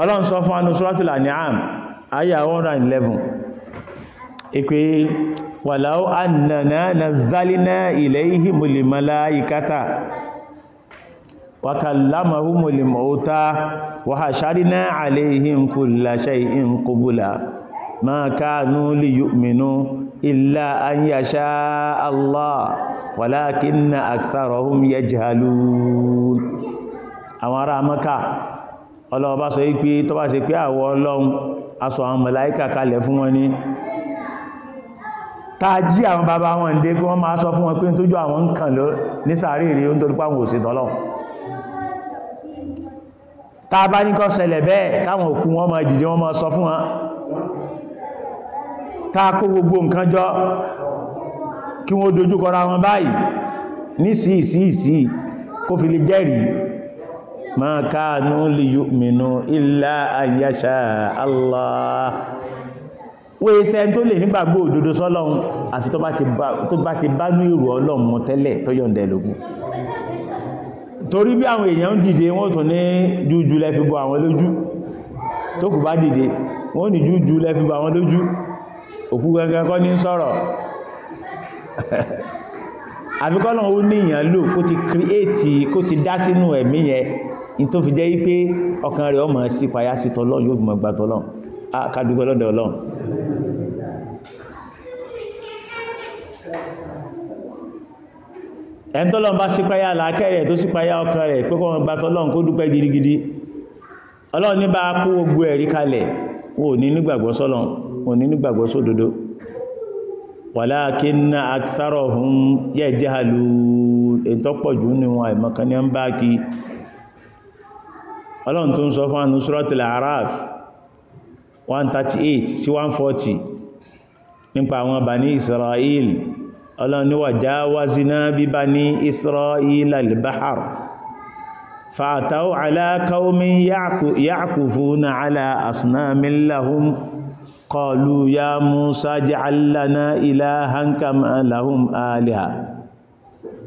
ọlọ́run sọ fún anú suratul An'am ayà 111 ìpé walau annana nazzalna ilayhimul malaikata wa kallamahumul mauta wa hasharna alayhim kulla shay'in qubula ma kanu liyu'minu illa an yasha Allah walakinna aktharahum yajhalun àwọn ará mọ́ká ọlọ́ọ̀bá sọ wípé tó bá ṣe pé àwọ ọlọ́run aṣọ àwọn màláíkà kalẹ̀ fún wọn ní tààjí àwọn bàbá wọn ń dé kí wọ́n máa sọ fún wọn pé tójú àwọn ń lọ ní sàárè rí oúnjẹ kí wọ́n dojúkọra wọn báyìí ní sí sí sí kó fi lè jẹ́rìí ma káànú lè yóò mìnú ilá àyàṣà Allah wọ́n iṣẹ́ tó lè nígbàgbọ́ òdodo sọ́lọ́run àfi tó bá ti bá ní ìrù ọlọ́run mọ́ tẹ́lẹ̀ tó yọ̀ǹdẹ̀ lógún torí bí àwọn èèyàn ń dìde wọ́n tún ní jújú lẹ́fi bọ́ àwọn lójú tó kù bá dìde wọ́n ní jújú lẹ́fi bọ́ àwọn lójú òkú gẹ́gẹ́ kọ́ ní sọ̀rọ̀ àfikọ́lọ̀ ó ní ìyàn lò kó ti kírìtì kó ti dá sínú ẹ̀mí yẹn in tó fi jẹ́ wípé ọkàn rẹ̀ ọmọ sí payá sí tọ́lọ́ yóò mọ̀ gbà tọ́lọ́ kàdúgbẹ́ lọ́dọ̀ ọlọ́run ẹni tọ́lọ́ bá sí payá làákẹ́rẹ̀ tó sí payá ọkàn rẹ̀ pé kọ́ gbà tọ́lọ́run kó dúpẹ́ gidigidi ọlọ́run ní bá kó gbogbo ẹ̀rí kalẹ̀ wọn ò walakinna aktharahum yajhalun ìtọ́pọ̀jú ní wọn àìmọ̀kan ní ń bá kí ọlọ́run tó ń sọ fún ànú Suratul A'raf 138 sí 140 nípa àwọn Bani Israel ọlọ́run ní wa jawazna bi Bani Israel al-bahr fa'ataw ala qawmin ya'kufuna ala asnamin قالوا يا موسى اجعل لنا إلها كما لهم آلهة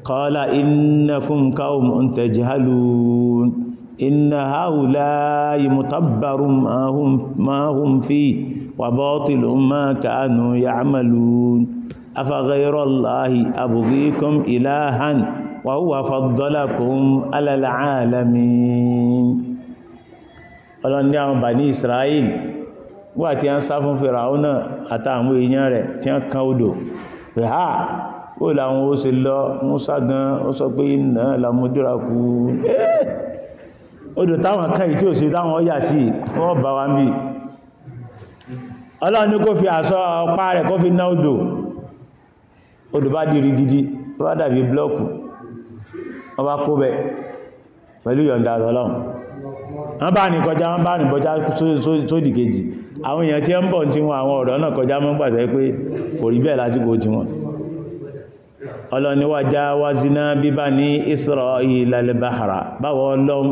قال إنكم قوم تجهلون إن هؤلاء متبر ما هم, ما هم فيه وباطل ما كانوا يعملون أفغير الله أبغيكم إلها وهو فضلكم على العالمين قال أن يا بني إسرائيل nígbà tí a ń sá fún Fìràúnà àtàwọn èèyàn rẹ̀ tí a kan odò pé ha ó làwọn ó ṣe lọ Mùsá gan ó sọ pé iná làmójúra kú eh! odò táwọn kan yìí tí ò sí táwọn ọyà sí wọ́n bá wa mí ọlọ́run ní kó fi àṣọ ọpá rẹ̀ kó fi ná odò odò bá di rigidi ó bá dàbí blọ́ọ̀kù wọ́n bá kó bẹ pẹ̀lú yọ̀ǹda ọlọ́run wọ́n bá ní wọ́n bá ní bọjá sódì kejì àwọn èèyàn tí ó ń bọ̀ tí wọn àwọn ọ̀rọ̀ náà kọjá mọ́ pàtẹ́ pé kò rí bẹ́ẹ̀ lásìkò tí wọn ọlọ́niwà já wázíná bíbá ní Isra'ila al-bahra báwọ̀ ọlọ́m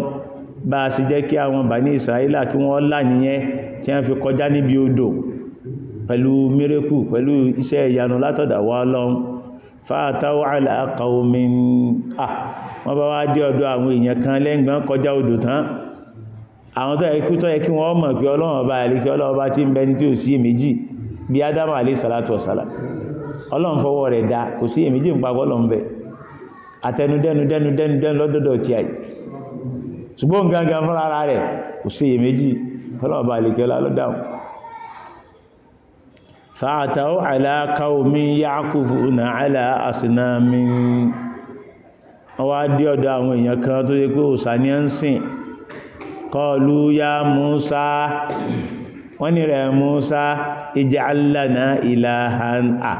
bá sì jẹ́ kí àwọn Bani Isra'ila kí wọ́n láyìnyẹ́ tí wọ́n fi kọjá níbi odò pẹ̀lú mírẹ́kù pẹ̀lú iṣẹ́ ìyanu látọ̀dàwọ́ ah, ọlọ́m àwọn tó ẹkú tó ẹkí wọn mọ̀ pé ọlọ́run ọba àríkẹ́ ọlọ́run ọba tí ń bẹni tí ò sí èméjì bí ádámù alayhi salatu wassalam ọlọ́run fọwọ́ rẹ̀ dá kò sí èméjì ń papọ̀ lọ́n bẹ̀ àtẹnudẹnudẹnudẹnudẹnu lọ́dọ̀dọ̀ kọlu ya Musa wọ́n ní rẹ̀ Musa ij'al lana ilahan à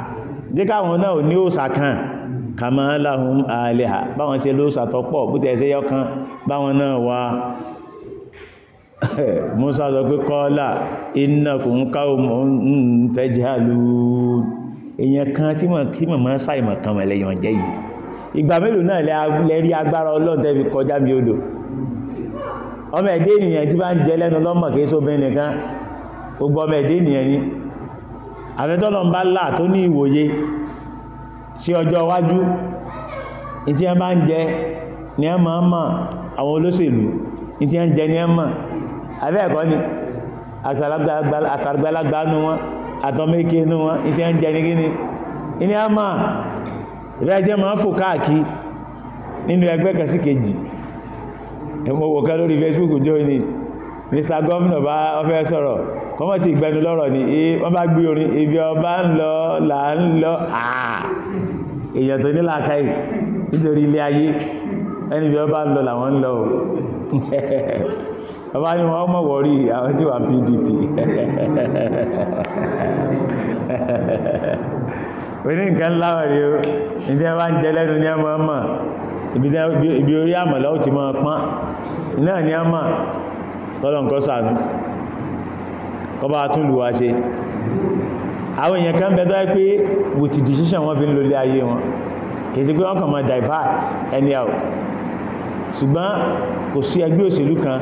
díkà wọn náà ní òsà kan kàmà lahum aliha báwọn ṣe lóòsà tọ́pọ̀ bútẹ̀ ṣe yọkan báwọn náà wá Musa sọ pé kọ́ọ́lá innakum qawmun mọ́ sáìmọ̀ kan mọ̀ ọmọ ẹ̀dẹ́ ènìyàn tí bá ń jẹ lẹ́nu lọ́mọ̀ kìí sóbin nìkan gbogbo ọmọ ẹ̀dẹ́ ènìyàn ni àfẹ́tọ́lọ̀ ń bá láà tó ní ìwòye sí ọjọ́ wájú. ìtí ẹ bá ń jẹ ní ẹ máa mọ̀ àwọn olóṣèlú ìtí ẹ ń jẹ ní ẹ mọ̀ abẹ́ ẹ̀kọ́ ni nú wọn àtọ́mẹ́kẹ́ nú wọn ń jẹ ní ẹmọ́ wò kán lórí Facebook jọ ní Mr. Governor bá ọfẹ́ sọ̀rọ̀ kọ́mọ̀ ti gbẹnu lọ́rọ̀ ni wọ́n bá gbé orin ibi ọba ń lọ là ń lọ àà èèyàn tó nílà káì nítorí ilé ayé ẹni ibi ọba ń lọ làwọn ń lọ ọba ni wọ́n mọ̀ wọ́rí àwọn tí wà PDP oní nǹkan láwọ̀ rí o ìjẹ́ wá ń jẹ lẹ́nu ní ọmọ ọmọ ibi orí àmọ̀lá ó ti mọ́ pọ́n náà ni a mà lọ́lọ́ nǹkan sànú kọba tún lù wá ṣe àwọn èèyàn kan bẹ̀dọ́ pé with decision wọ́n fi ń lólé ayé wọn kìí sí pé wọ́n kàn máa divert anyhow ṣùgbọ́n kò sí ẹgbẹ́ òṣèlú kan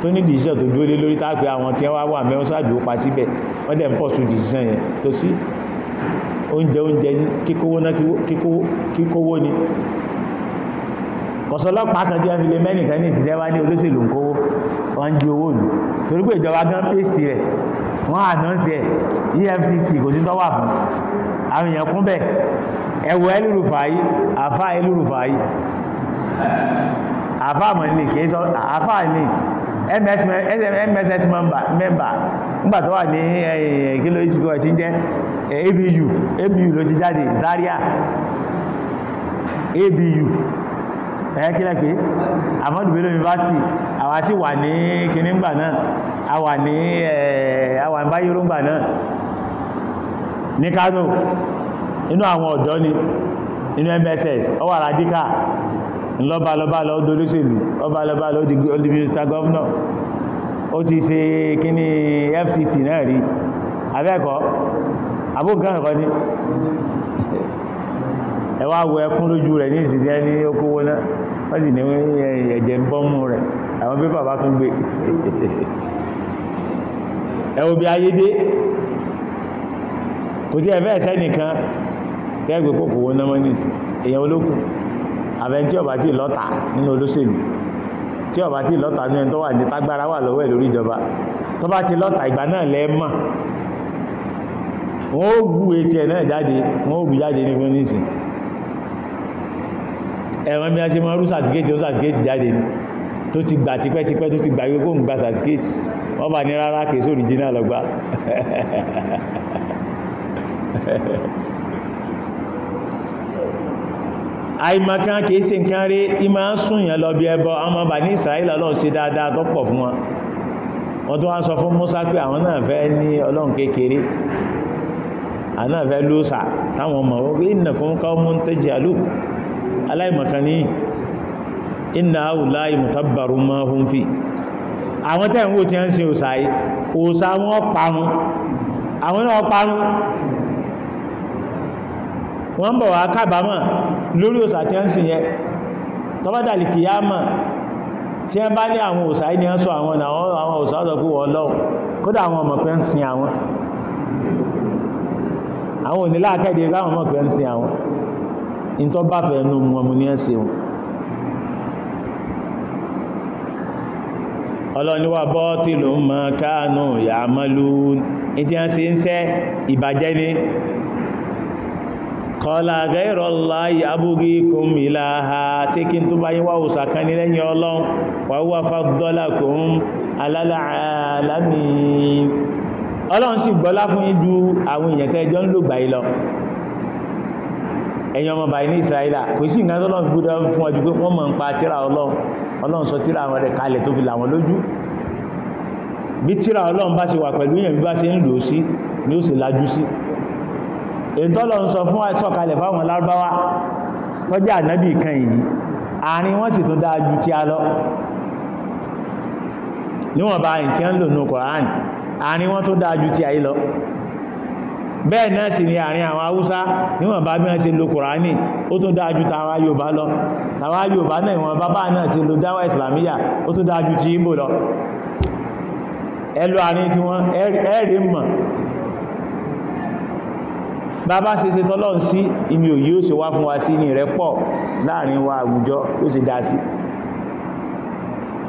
tó ní decision tó dúró lé lórí tápẹ́ àwọn tí wọ́n wà mẹ́wọ́n sáàdù ó pa síbẹ̀ wọ́n dẹ̀ ń pọ̀ sún decision yẹn tó sí oúnjẹ oúnjẹ ní kíkówó ní kọ̀sọ́lọ́pàá kan tí wọ́n fi lè mẹ́nìkan ní ìsìnkẹ́ wá ní olóṣèlú ń kówó wọ́n ń jí owó lù torí pé ìjọba gan pèsè rẹ̀ wọ́n àdánsì ẹ̀ EFCC kò sí tọ́wà fún àwọn èèyàn kún bẹ́ẹ̀ ẹ̀wọ̀ ẹlúrufàáyí àfá ẹlúrufàáyí àfá mọ̀lẹ̀ kìí sọ àfá ní MSS member nígbà tó wà ní eh, kílò ìjúkọ ẹ̀ tí ń jẹ́ eh, ABU ABU ló ti jáde Zaria ABU ẹ̀ kílẹ̀ pé Ahmadu Bello University àwa sì wà ní kìnnìgbà náà a wà ní àwa ń bá yorùbá náà ní Kano inú àwọn ọ̀dọ́ ni inú MSS ọwà radika ńlọ́balọ́balọ́ ó dolóṣèlú ọbalọ́balọ́ ó di minister governor ó ti ṣe kíní FCT náà rí abẹ́ẹ̀kọ́ abúgbọ́n ẹ̀kọ́ ẹ wá wọ ẹkún lójú rẹ̀ ní ìsìnkú ẹni okòwò náà wọ́n sì ní ẹ̀jẹ̀ ń bọ́mú rẹ̀ àwọn pépà bá tún gbé ẹ wo bí ayédé kò tí ẹ̀fẹ́ ẹ̀sẹ́ nìkan kẹ́gbẹ̀ kòkòwò nọ́mọ́nìs èyàn olókùn àbẹ́ni tí ọba tí lọ́ta nínú olóṣèlú tí ọba tí lọ́ta nínú ẹni tó wà ní tágbára wà lọ́wọ́ ẹ̀ lórí ìjọba tó bá ti lọ́ta ìgbà náà lẹ́ẹ̀mọ̀ wọ́n ó gbú etí náà jáde wọ́n ó gbú jáde ní fún nísìn ẹ̀wọ̀n bí a ṣe máa rú sàtíkéètì ó sàtíkéètì jáde tó ti gbà tipẹ́tipẹ́ tó ti gbà yóò kóhùn gba sàtíkéètì wọ́n bá ní rárá kèsò òrìjínà lọ́gbà àìmọ̀kan kìí ṣe nǹkan rí tí máa ń sún ìyàn lọ bí ẹbọ ọmọ bà ní Ísírẹ́lì Ọlọ́run ṣe dáadáa tó pọ̀ fún wọn wọ́n tó wá sọ fún Mùsá pé àwọn náà fẹ́ ní Ọlọ́run kékeré àwọn náà fẹ́ lóòsà táwọn mọ̀ wọ́n pé ìnàkún kọ́ mú tẹ́jì àlùkù aláìmọ̀kan ní iná àwùlá ìmùtàbàrún mọ́ hún fi àwọn tẹ́ ìwò tí a ń sin òsàí òsà wọn parun àwọn náà parun wọ́n ń bọ̀ wá kábàámọ̀ lórí òsà tí a ń sin yẹ tọ́bátàlì kìyàmọ̀ tí a bá ní àwọn òsàí ni a sọ àwọn àwọn òsà ọ̀dọ̀ pé wọ́n àwọn in tó bá fẹ́ nú wọn mú ní ẹ̀sẹ̀ wọn ọlọ́niwà bọ́ọ̀tìlù mọ́ káànù yà mọ́lú ìtí a ń ṣe ń sẹ́ ìbàjẹ́ ní kọlá gẹ́rọ láì abúgí kún ìlà ha tí kí n tó bá yíwá òsà ní lẹ́yìn ọlọ́n wà wúwà kún alálàálámì ọlọ́run sì gbọ́lá fún ìdú àwọn èèyàn tẹ́jọ́ ń lògbà ìlọ ẹ̀yin ọmọ bàyí ní Israẹla kò sí nǹkan tó lọ́n gbúdọ̀ fún ọjọ́ pé wọ́n mọ̀ ń pa tíra ọlọ́run ọlọ́run sọ tíra àwọn rẹ̀ kalẹ̀ tó fi làwọn lójú bí tíra ọlọ́run bá ṣe wà pẹ̀lú yẹn bí bá ṣe ń lò sí ni ó sì lajú sí ètò ọlọ́run sọ fún àìsọ̀kalẹ̀ fáwọn lárúbáwá tọ́jú ànábì kan yìí àárín wọ́n sì tún dáa ju tí a lọ níwọ̀n bá ń lò nù Kùránì àárín wọ́n tún dáa ju tí a yìí lọ bẹ́ẹ̀ náà sì ni àárín àwọn haúsá níwọ̀n bá bí wọ́n ṣe lo kùránì ó tún dáa ju tàwa yorùbá lọ tàwa yorùbá náà ìwọ̀n bàbá náà ṣe lo dáwà ìsìlámíyà ó tún dáa ju ti ìbò lọ ẹlò àárín tí wọ́n ẹ̀rẹ̀ mọ̀ bàbá ṣe ṣe tọ́lọ́n sí ìmì òyí ó ṣe wá fún wa sí ní ìrẹ́pọ̀ láàrin wa àwùjọ ó ṣe dá sí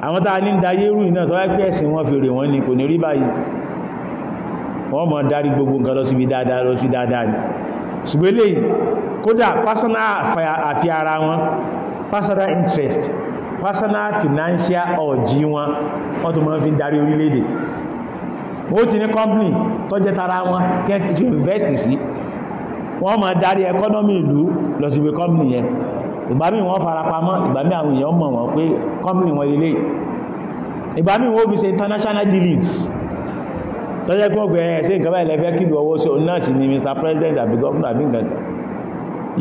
àwọn tàà ní dayérù ìnáà tọ́wẹ́ pẹ́ ẹ̀sìn wọn fèrè wọn ni kò ní rí báyìí wọ́n mọ̀ darí gbogbo nǹkan lọ síbi dáadáa lọ sí dáadáa ni ṣùgbọ́n eléyìí kódà personal àfi ara wọn personal interest personal financial ọ̀jí wọn wọ́n tó máa fi darí orílẹ̀-èdè ó ti ní company tó jẹ́ tara wọn tí wọ́n ti invest sí wọ́n máa darí economy ìlú lọ síbi company yẹn ìgbà míì wọ́n fara pamọ́ ìgbà míì àwọn èèyàn mọ̀ wọ́n pé company wọn lélẹ̀ ìgbà míì fi ṣe international dealings tọ́jẹ́ pé wọ́n gbé ẹ̀ ṣe nǹkan báyìí lẹ́fẹ́ kìlú ọwọ́ sí òun náà sì ni Mr President àbí gọ́fúnà àbí nǹkan kan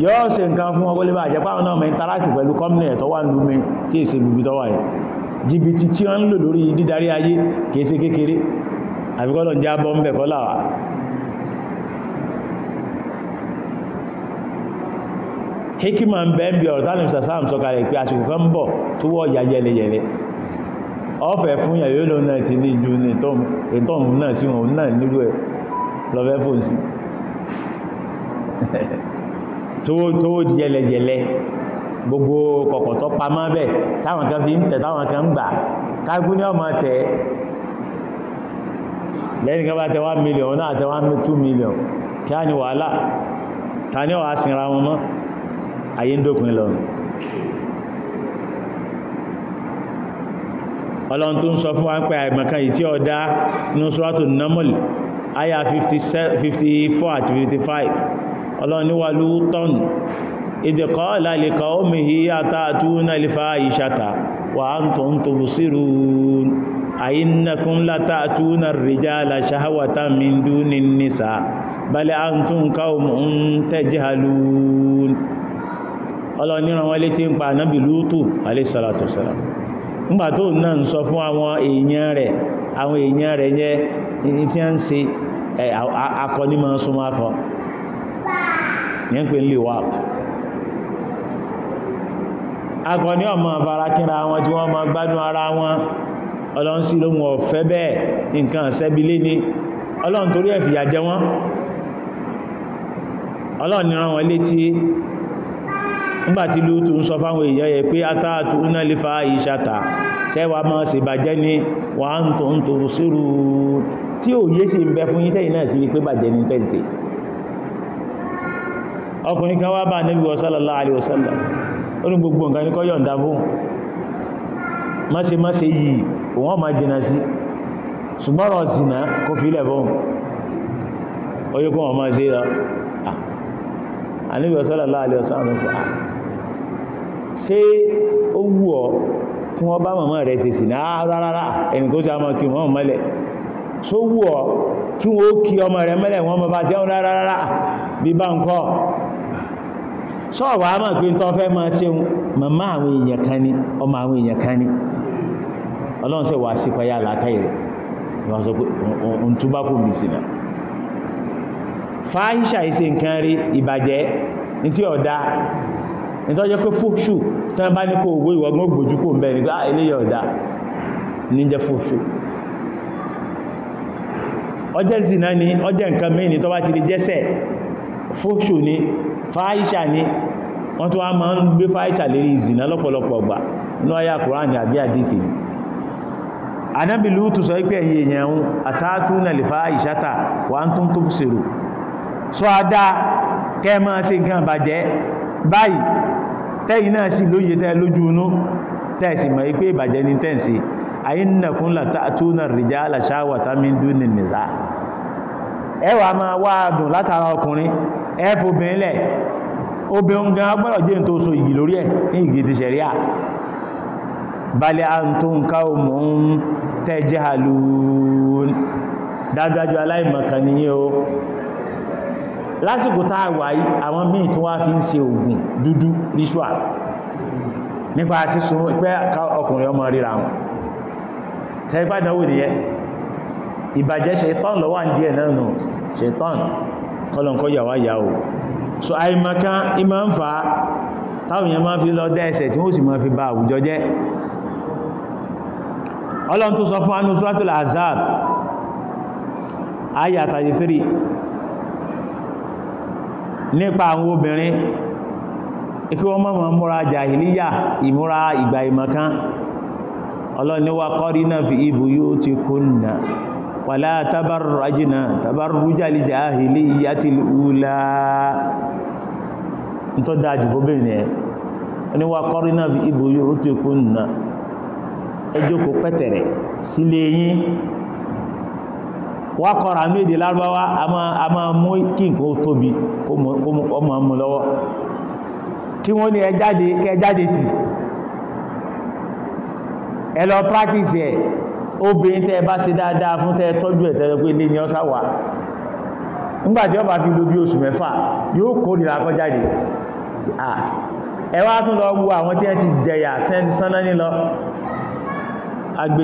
yóò ṣe nǹkan fún ọgbọ́n lébà àjẹpá àwọn náà mọ interact pẹ̀lú kọ́mìnì ẹ̀tọ́ wà nínú mi tí èsè lùbí tọ́ wà yìí jìbìtì tí wọ́n ń lò lórí dídarí ayé kìí ṣe kékeré àfikọ́lọ̀ ń jábọ́ ń bẹ̀kọ́ làwà hikima ń bẹ́ ń bí ọ̀rọ̀ tánìm sàsáàm sọ̀kalẹ̀ pé àsìkò kan ń bọ̀ tó wọ́ ọ̀yà yẹlẹyẹlẹ ọfẹ fún yàyó lòun náà ti ní ju ìtọ́mù náà sí wọn náà nílò ẹ̀ lọ́fẹ́ fò sí tówó di jẹlẹjẹlẹ gbogbo kọ̀kọ̀tọ́ pamọ́ bẹ́ẹ̀ táwọn kan fi ń tẹ̀ táwọn kan ń gbà kágbó ní ọmọ tẹ̀ lẹ́yìn kan bá tẹ 1 million náà tẹ 2 million kí á ní wàhálà ta ní wàá sinra wọn mọ́ ayé ń dópin lọ́nà ọlọ́run tó ń sọ fún wa ń pẹ àìmọ̀kan ìtí ọ̀dá ní ṣúrátù naml aya 54 àti 55 ọlọ́run ní wa Lútọ́n ìdẹ̀kọ́ lálẹ́kọ́ omihi àtàtúnà lífà ìṣàtà wà ń tó ń tóbù sírù àyínnakún látàtúnà rijala shahawatan min duni nisa bal antum qawmun tajhalun ọlọ́run ní ràn wọ́n létí ń pa ànábì Lútù alayhi nígbà tó náà ń sọ fún àwọn èèyàn rẹ̀ àwọn èèyàn rẹ̀ yẹ tí a ń ṣe akọ ní ma súnmọ́ akọ ní ń pè ní liwat akọ ní ọmọ afárá kíra wọn tí wọ́n ma gbádùn ara wọn ọlọ́n sí lóhun ọ̀fẹ́ bẹ́ẹ̀ nǹkan ṣẹ́bilé ni ọlọ́n torí ẹ̀fìyà jẹ wọ́n ọlọ́n ni rán wọn létí nígbàtí lútù ń sọ fáwọn èèyàn yẹ pé atáàtù ń náà lè fa ìṣàtà sẹ́wà máa ṣe bàjẹ́ ní wà ń tó ń tó sírù tí ò yé sí ń bẹ fún yítẹ́yìn náà sí pé bàjẹ́ ní tẹ́sí ọkùnrin kan wá bá Ànábì sallallahu alaihi wasallam ó ní gbogbo nǹkan ní kó yọ̀ǹda fún mọ́sẹ̀mọ́sẹ̀ yìí òun ọmọ jìnà sí ṣùgbọ́n ọ̀rọ̀ zìnà kó fi ilẹ̀ fún ọyọ́kùn ọmọ sí lọ Ànábì ṣé ó wù ọ́ kí wọ́n bá màmá rẹ̀ ṣe sì náà ah, rárá ẹni tó sáà mọ́ kí wọ́n mọ́lẹ̀ ṣó wù ọ́ kí wọ́n ó kí ọmọ rẹ̀ mọ́lẹ̀ wọ́n mọ́ bá ṣe ọ́n rárá bí bá ń kọ́ sọ́ọ̀wà á mọ̀ pé tó fẹ́ máa ṣeun màmá àwọn èèyàn kan ni ọmọ àwọn èèyàn kan ni ọlọ́run sẹ̀ wá sí payá làákàyè rẹ̀ wọ́n sọ pé òun túbá kò bì sí fáyíṣà ìṣe nǹkan rí ìbàjẹ́ ní tí ọ̀dá ìtọ́jẹ́ pé fóṣù tán bá ní kó owó ìwọ̀gbọ́n gbòjú kò mẹ́rin pé iléyọ̀ ah, ọ̀dá ní jẹ́ fóṣù ọjẹ́ zina ni ọjẹ́ nǹkan mẹ́ni tó bá ti lè jẹ́sẹ̀ fóṣù ni fáìṣà ni wọ́n tó wá máa ń gbé fáìṣà lérí zina lọ́pọ̀lọpọ̀ gbà inú ayá kùrán ni àbí àdìsí ni anábì lútù sọ pé ẹ̀yìn èèyàn ń àtàkùnà lè fa ìṣátà wà báyìí tẹ́yìn náà sì lóye tẹ́ lójú inú tẹ́ẹ̀sì mọ̀ pé ìbàjẹ́ ní tẹ́ǹsì àyínnàkún látàtúnà rìjá aláṣáwà tàmídú ní nìzá ẹwà máa wá dùn látara ọkùnrin ẹfòbìnrin obìnrin gan agbọ́dọ̀ jẹ́ tó so ìgì lórí ẹ̀ ní ìgì ti ṣẹ̀ríà balẹ̀ àǹtún káwọ̀mù ń lásìkò táà wà yí àwọn míì tó wá fi ń ṣe ògùn dúdú ritual nípa sísun pé ọkùnrin ọmọ ríra wọn tẹ́gbà ìdánwò nìyẹn ìbàjẹ́ ṣetán lọ́wọ́ ń díẹ̀ náà nù ṣetán kọlọ̀nkọ́ yàwá yà so àìmọ̀kan ìmọ̀ ń fa táwọn èèyàn máa fi lọ dẹ́ ẹsẹ̀ tí wọ́n sì máa fi ba àwùjọ jẹ́ ọlọ́run tó sọ fún anú suratul azab ayat 33 nípa àwọn obìnrin ikú wọ́n mọ́mọ̀ múra jàhìlíyà ìmúra ìgbà ìmọ̀kan ọlọ́ni wa qarina fi buyutikunna wala tabarrajna tabarrujal jahiliyatil ula tó dájú fóbìnrin ẹ̀ ni wa qarina fi buyutikunna ẹ jókòó pẹ̀tẹ̀rẹ̀ sílé yín wá kọ́ra méde lárúbáwá a máa mú kí nǹkan ó tóbi kó mọ̀ mú lọ́wọ́ kí wọ́n ní ẹjáde kẹjáde tì ẹ lọ practice ẹ̀ obìnrin tẹ́ bá ṣe dáadáa fún tẹ́ tọ́jú ẹ̀ tẹ́lọ pé lé ní ọ́sá wà nígbàtí ọba fi lo bí oṣù mẹ́fà yóò kórìíra kó jáde ẹ wá tún lọ wo àwọn tí ẹ ti jẹyà tẹ́ ti sánná ní lọ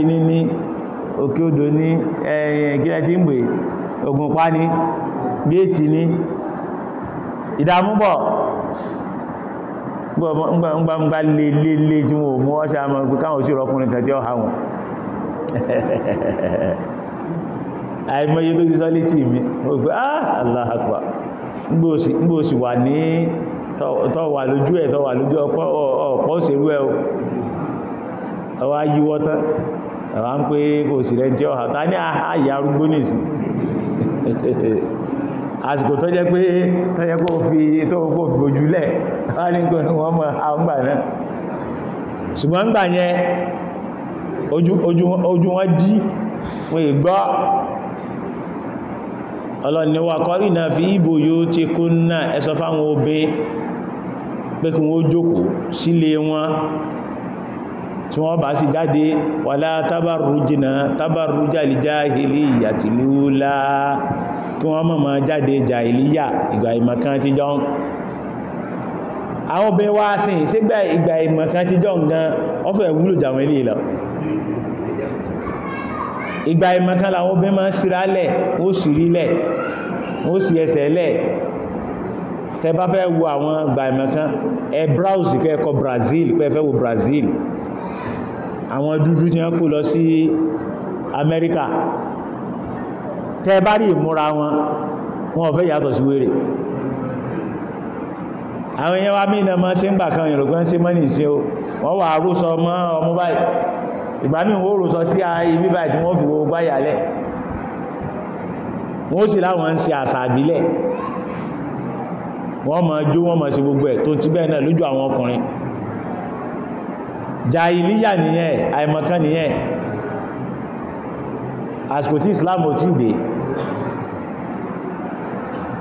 ni òkè odò ní ẹ̀yìn tí ń gbé ògùnpá ní ní ìdámúbọ̀ gbọ́gbọ́gbà lélélé tí wọ́n mú ọ́ṣà mọ́ pé káwọn òṣèrè ọkùnrin kan tí ó ha wọn àìmọye tó o sọ létí mi ah, ó pé ah Allah akbar ngbòsì wà ní tọ́wà lójú ẹ̀ tọ́wà lójú ọ̀pọ̀ òṣèrú ẹ̀ ọwá yíwọ́ tán àwọn ń pé òsìrẹ́ tí ọ̀hà ta ní àyà arúgbó nìsí àsìkò tó jẹ́ pé tó jẹ́ kó fi tó fi bojú wá ní pé wọ́n mọ àgbà náà ṣùgbọ́n gbà yẹn ojú wọn dí wọn ìgbọ́ ọlọ́niwà kọrí náà fi ìbò yóò ti kún náà tí wọ́n bá sì jáde wàlá tábàrújìnà tábàrújàlì jáhìlì ìyàtìlúlá kí wọ́n mọ̀ mọ̀ jáde jàhìlíyà ìgbà ìmọ̀kan ti jọ àwọn obìnrin wá sí ìṣẹ́gbà ìgbà ìmọ̀kan ti jọ gan ọfẹ́ wúlò jàwọn ilé lọ ìgbà ìmọ̀kan làwọn obìnrin máa ń sírálẹ̀ ó sì rílẹ̀ ó sì ẹsẹ̀ lẹ̀ tẹ bá fẹ́ wo àwọn ìgbà ìmọ̀kan ẹ browse kẹ́ẹ̀kọ́ Brazil pẹ́ẹ̀fẹ́ wo Brazil àwọn dúdú tí wọ́n kó lọ sí Amẹ́ríkà tẹ́ bá rí ìmúra wọn wọn ò fẹ́ yàtọ̀ sí wèrè àwọn èèyàn wá mìíràn máa ṣe ń gbà kan ìrògbé ń ṣe mọ́nì sí o wọ́n wà rúsọ mọ́ ọmọ báyìí ìgbà míì wọ́n rúsọ sí ibi báyìí tí wọ́n fi wo gbáyàlẹ̀ wọ́n sì láwọn ń ṣe àṣà àbílẹ̀ wọ́n máa jó wọ́n máa ṣe gbogbo ẹ̀ tó ti bẹ́ẹ̀ náà lójú àwọn ọkùnrin jahiliya nìyẹn àìmọ̀kan nìyẹn àsìkò tí islam ò tí dé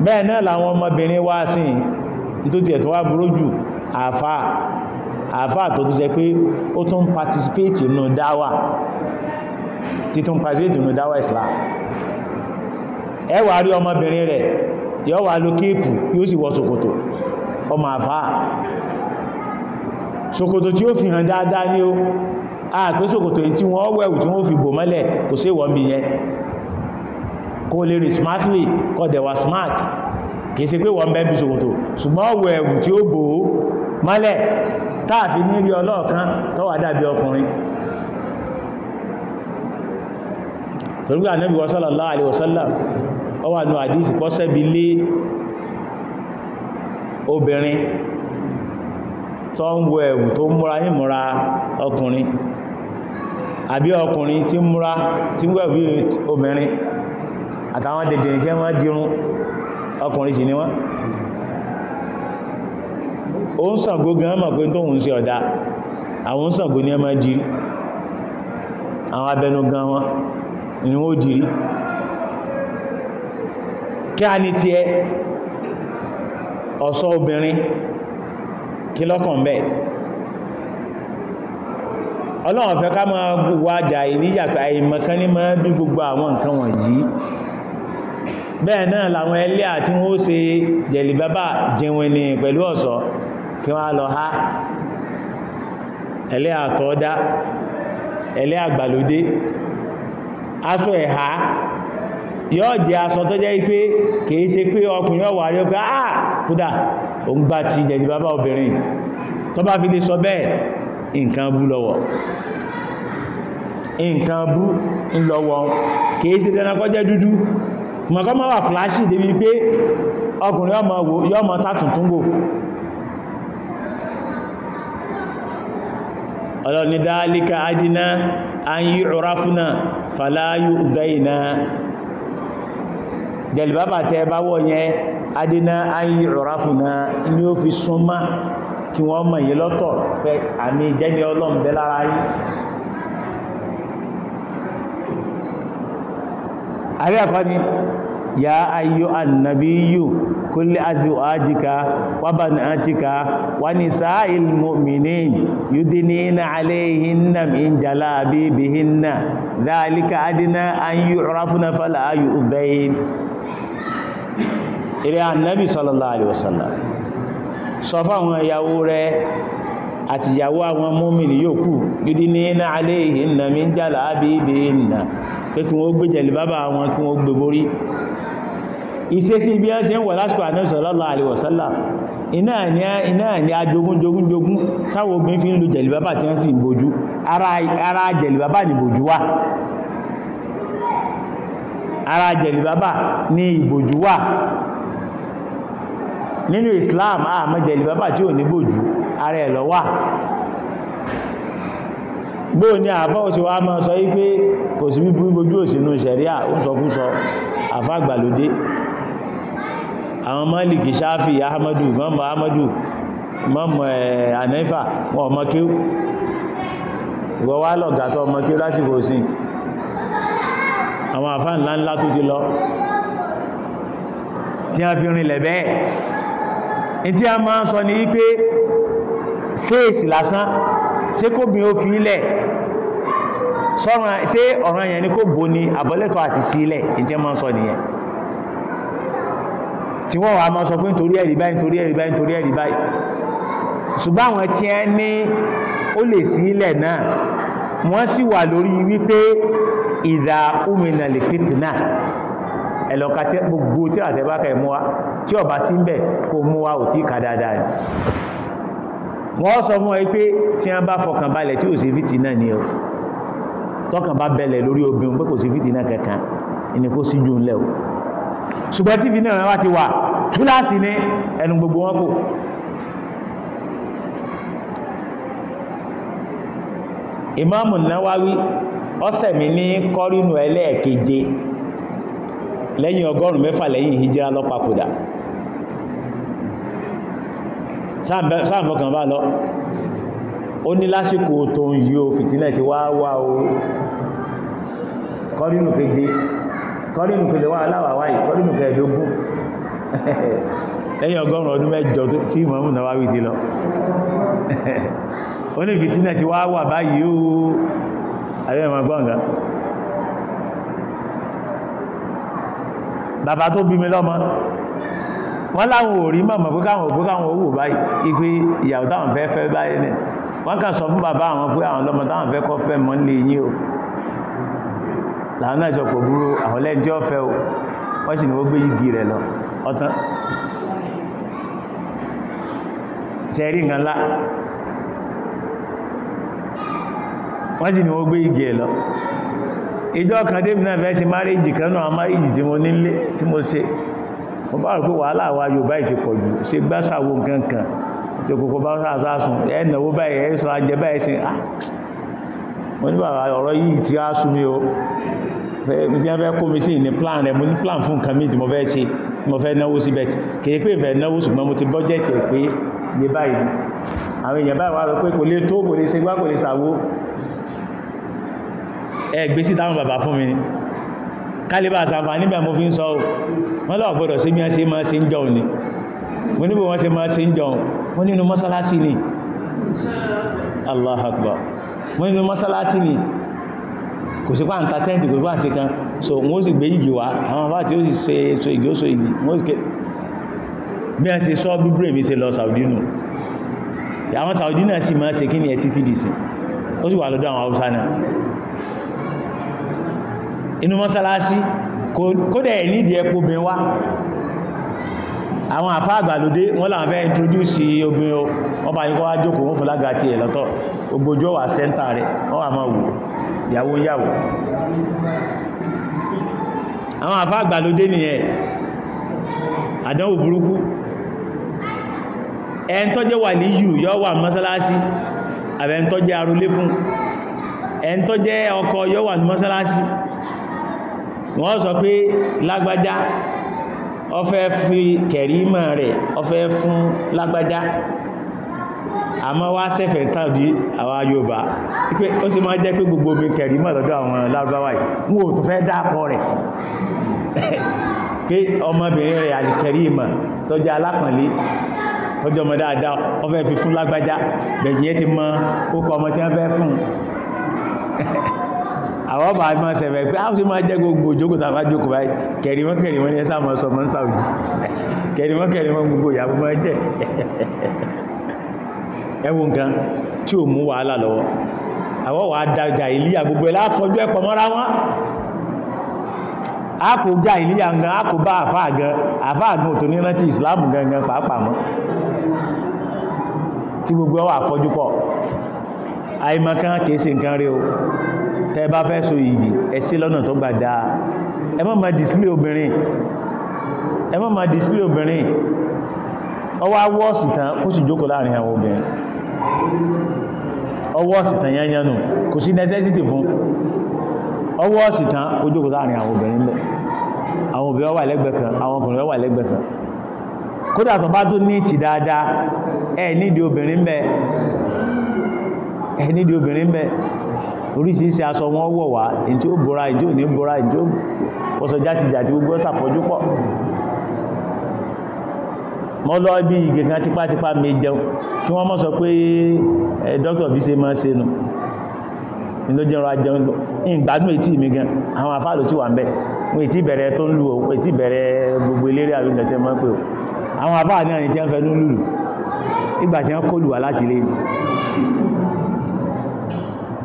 bẹ́ẹ̀ náà làwọn ọmọbìnrin wá sí nítorí ẹ̀tọ́ wá burú jù àfà àfà tó tó jẹ pé ó tún participate nínú dáwà títún participate nínú dáwà islam ẹ wá rí ọmọbìnrin rẹ̀ yóò wá lókèèpù yóò sì wọ ọmọ àfà ṣòkòtò tí ó fi hàn dáadáa ní o àpé ṣòkòtò tí wọ́n wẹ̀wù tí wọ́n fi bò mọ́lẹ̀ kò sí ìwọ̀n bí yẹn kò lè rìn smartly kò dẹ̀wà smart kìí Se pé wọ́n bẹ́ bí ṣòkòtò ṣùgbọ́n wẹ̀wù tí ó bò mọ́lẹ̀ táàfi ní rí ọlọ́ọ̀kan tó wà dàbí ọkùnrin torí Ànábì sallallahu alaihi wasallam ó wà nù àdísì pọ́sẹ́bi lé obìnrin tó ń wọ ẹ̀wù tó múra ní múra ọkùnrin àbí ọkùnrin tí múra tí wọ́ bí obìnrin àtàwọn dèdè tí wọ́n dírún ọkùnrin sì ni wọ́n ó ń Ṣàngó gan mọ̀ pé tóhun sí ọ̀dá àwọn ń Ṣàngó ní ẹmọ jírí àwọn abẹnu gan wọn ni wọ́n jírí kí a ní ti ẹ ọ̀ṣọ́ obìnrin kí lọ́kàn bẹ́ẹ̀ ọlọ́run fẹ́ ká máa gbogbo àjà ìníyàpá ìmọ̀kan ní máa gbogbo àwọn nǹkan wọ̀nyí bẹ́ẹ̀ náà làwọn ẹlẹ́ àti wọ́n ó jẹ̀lì bábà jẹun ní pẹ̀lú ọ̀sọ̀ kí wọ́n lọ há ẹlẹ́ àtọ́dá ẹlẹ́ àgbàlódé aṣọ ẹ̀há jẹ́ kódà o ń gbá ti jẹ̀dì bàbá obìnrin tó bá fi lè sọ bẹ́ẹ̀ nǹkan bú lọ́wọ́ nǹkan bú lọ́wọ́ kìí sí dandan kó jẹ́ dúdú mọ̀kọ́ máa wà fláṣì débi pé ọkùnrin ọmọ wò yọmọ tàtùntún wò ọlọ́ni dáálíkà adínà ayí ọ̀ráfúnà fàláyù zaina jẹ̀lìbábà tẹ́ bá wọ́ yẹn adéná ayé ọ̀ráfù náà ni ó fi súnmá kí wọ́n mọ̀ yí lọ́tọ̀ pé àmì jẹ́ni ọlọ́m̀bẹ́ lára yí àrí àkọ́ni ya ayyo annabiyu kulli azwajika wa banatika wa nisa'il mu'minin yudnina 'alayhinna min jalabibihinna dhalika adna an yu'rafna fala yu'dhayn eré annabi sallallahu alaihi wasallam sọ fáwọn ìyàwó rẹ̀ àti ìyàwó àwọn mọ́mìnì yòókù gidi ní iná alẹ́ ìhìnà mi ń jàlá bí ibi ìhìnà pé kí wọ́n gbé jẹ̀lì bábá wọn kí wọ́n gbé borí ìṣesí bí wọ́n ṣe ń wọ̀ lásìkò annabi sallallahu alaihi wasallam iná ni iná ni ajogun jogun jogun táwọn obìnrin fi lu jẹ̀lì bábá tí wọ́n sì bojú ara jẹ̀lì bábá ni bojú wà ara jẹ̀lì bábá ni ìbòjú wà nínú Islam a mẹ́jẹ̀lì bàbá tí ò ní bòjú ara ẹ̀ lọ́wà gbó ní àfọ́ òsì wa máa sọ wípé kò sí bí bójú òsìnú ṣẹ̀ríà ó sọkúsọ àfá àgbàlódé àwọn Málìkì Ṣáfì Ahmadu mọ́mọ̀ Ahmadu mọ́mọ̀ ànẹ́fà wọn ọmọ kí wọ́n wá lọ̀gàtọ̀ ọmọ kí lásìkò sí àwọn àfá ńláńlá tó ti lọ tí a fi rinlẹ̀ bẹ́ẹ̀ ní tí a máa ń sọ ní wípé fèèsì lásán ṣé kó bí ó fi ilẹ̀ ṣé ọ̀ràn yẹn ni kó bò ní àbọ́lẹ́tọ̀ àti sí ilẹ̀ ní tí a máa ń sọ nìyẹn tí wọ́n wà máa sọ pé nítorí ẹ̀rí báyìí nítorí ẹ̀rí báyìí nítorí ẹ̀rí báyìí ṣùgbọ́n àwọn tí ẹ ní ó lè sí ilẹ̀ náà ẹ̀lọ́ka tí gbogbo tí àtẹ́bákà ẹ̀ mú wa tí ọba sí ń bẹ̀ kó mú wa ò tí ì ka dáadáa ni wọ́n sọ fún ẹ pé tí wọ́n bá fọkàn balẹ̀ tí ò sí fìtì náà ni ọ tọkàn bá bẹ̀lẹ̀ lórí obìnrin pé kò sí fìtì náà kankan ẹni kó sí jù ńlẹ̀ o ṣùgbọ́n tí fìtì náà wá ti wà túláàsì ní ẹnu gbogbo wọn kò Ìmáàmù Nawawi ọ̀sẹ̀ mi ní kọ́rínù ẹlẹ́ẹ̀keje lẹ́yìn ọgọ́rùn mẹ́fà lẹ́yìn hijira lọ papòdà sáàmọ́kàn bá lọ ó ní lásìkò tó ń yíò fìtínẹ̀ ti wá wá o kọ́rínù kéde kọ́rínù kéde wá aláwàwáyì kọ́rínù kẹ́ẹ̀dógún lẹ́yìn ọgọ́rùn ọdún mẹ́jọ tí ìmọ̀mù náà wá wí ti lọ ó ní fìtínẹ̀ ti wá wà báyìí o àbẹ́ ẹ̀mọ̀ gbọ́ǹgà bàbá tó bí mi lọ́mọ wọ́n láwọn ò rí mọ̀mọ̀ pé káwọn òpó káwọn owó báyìí ipé ìyàwó táwọn fẹ́ fẹ́ báyìí nì wọ́n kàn sọ fún bàbá àwọn pé àwọn lọ́mọ táwọn fẹ́ kọ́ fẹ́ mọ́ nílé yín o làwọn náà jọpọ̀ búrú àwọn lẹ́jọ́ fẹ́ o wọ́n sì ní wọ́n gbé igi rẹ̀ lọ ọ̀tán sẹ́rí nǹkan lá wọ́n sì ní wọ́n gbé igi ẹ̀ lọ ìjọ kan débì náà fẹ́ ṣe márèjì kan náà márèjì tí mo nílé tí mo ṣe mo bá rò pé wàhálà wa Yorùbá yìí ti pọ̀ jù ṣe gbásàwò gankan ṣe kòkó bá sàásùn ẹ báyìí ẹ sọ ajẹ báyìí ṣe ah mo ní bàbá ọ̀rọ̀ yìí ti á sú mi o ìjẹ́ fẹ́ kó mi sí ìní plan rẹ̀ mo ní plan fún nǹkan míì tí mo fẹ́ ṣe mo fẹ́ náwó síbẹ̀ kìí pé ìfẹ́ náwó ṣùgbọ́n mo ti bọ́jẹ̀tì ẹ̀ pé iye báyìí àwọn èèyàn báyìí wá rọ pé kò lè tó kò lè ṣe gbá kò lè ṣàwó ẹgbẹ́ sí táwọn bàbá fún mi ni kálíbà sàǹfà níbẹ̀ mo fi ń sọ ò wọ́n lọ gbọ́dọ̀ sí bí wọ́n ṣe máa ṣe ń jọun ni mo níbo wọ́n ṣe máa ṣe ń jọun wọ́n nínú mọ́sálásí ni Allah akbar wọ́n nínú mọ́sálásí ni kò sí pàǹtà tẹ́ǹtì kò sí pàǹtì kan so wọ́n sì gbé igi wá àwọn bá tí ó sì ṣe ètò igi ó so igi wọ́n sì ké bí wọ́n ṣe sọ bíbúrò mi ṣe lọ Saudi nù àwọn Saudi náà sì máa ṣe kí ni ẹ títí dì sí ó sì wà lọ́dọ̀ àwọn Haúsá náà inú mọ́sálásí kódẹ̀ nídìí ẹpò obìnrin wá àwọn àfá àgbàlódé wọ́n làwọn fẹ́ introduce obìnrin o wọ́n bá yíkọ́ wá jókòó wọ́n fòlága àti ẹ̀ lọ́tọ̀ ogbojú ọwà sẹ́ńtà rẹ̀ wọ́n wà máa wù ìyàwó yàwó àwọn àfá àgbàlódé nìyẹn àdánwò burúkú ẹn tó jẹ́ wà níyù yọ́ wà mọ́sálásí mọ́sálásí wọ́n sọ pé lágbájá ọfẹ́ fi kẹ̀rímọ̀ rẹ̀ ọfẹ́ fún lágbájá àmọ́ wá sẹ́fẹ̀ sáàdì àwa Yorùbá pé ó sì máa jẹ́ pé gbogbo omi kẹ̀rímọ̀ lọ́dọ̀ àwọn lárúbáwá yìí wọ́n ò tó fẹ́ dákọ rẹ̀ pé ọmọbìnrin rẹ̀ àlìkẹ̀rímọ̀ tó jẹ́ alápọ̀nlé tọ́jọ́ ọmọ dáadáa wọ́n fẹ́ fi fún lágbájá bẹ̀yìn ẹ ti mọ ó kọ ọmọ tí wọ́n fẹ́ fún àwọn ọba àmọ́ sẹ̀fẹ̀ pé áwọ́ sí máa jẹ́ gbogbo òjókò tàbá jókò báyìí kẹrìmọ́ kẹrìmọ́ ní ẹsà mọ́ sọmọ́ sáwùjì kẹrìmọ́ kẹrìmọ́ gbogbo ìyàwó máa jẹ́ ẹwọ nǹkan tí ò mú wàhálà lọ́wọ́ àwọn wà dájà ìlíyà gbogbo ẹ̀ láfọjú ẹ̀ pọ̀ mọ́ra wọn a kò já ìlíyà gan a kò bá àfáà gan àfáà gan òtò nírántí ìsìláàmù gangan pàápàá mọ́ tí gbogbo ọwọ́ àfọjú pọ̀ àìmọ̀kan kìí ṣe nǹkan rí o tẹ́ bá fẹ́ so yìí ẹ̀sí lọ́nà tó gbà dáa ẹ má máa obìnrin ẹ má máa display obìnrin ọwọ́ kó sì jókòó láàrin àwọn obìnrin ọwọ́ kò sí necessity fún ọwọ́ ọ̀sì kó jókòó láàrin àwọn obìnrin lẹ̀ àwọn obìnrin kan àwọn ọkùnrin wà lẹ́gbẹ̀ẹ́ kan kódà tó bá ní ìtì dáadáa ẹ nídìí obìnrin ẹni di obìnrin bẹ oríṣiríṣi aṣọ wọn wọ̀ wá èyí tí ó bora èyí tí ò ní bora èyí tí ó wọ́sọ játijàti gbogbo ṣàfọ́jú pọ̀ mọ́ lọ bí igi kan tipátipá mi jẹun kí wọ́n mọ́ sọ pé dókítà bí ṣe máa ṣe nù ló jẹ́ ọ̀rọ̀ ajẹun lọ ìgbádùn ètí mi gan àwọn àfáà ló ti wà ń bẹ̀ wọ́n ètí bẹ̀rẹ̀ tó ń lù ọ́ wọ́n ètí bẹ̀rẹ̀ gbogbo eléré àwọn ìgbà tí wọ́n pè ọ́ àwọn àfáà náà ni tí wọ́n fẹ́ lù lù ìgbà tí wọ́n kó lù wá láti ilé ni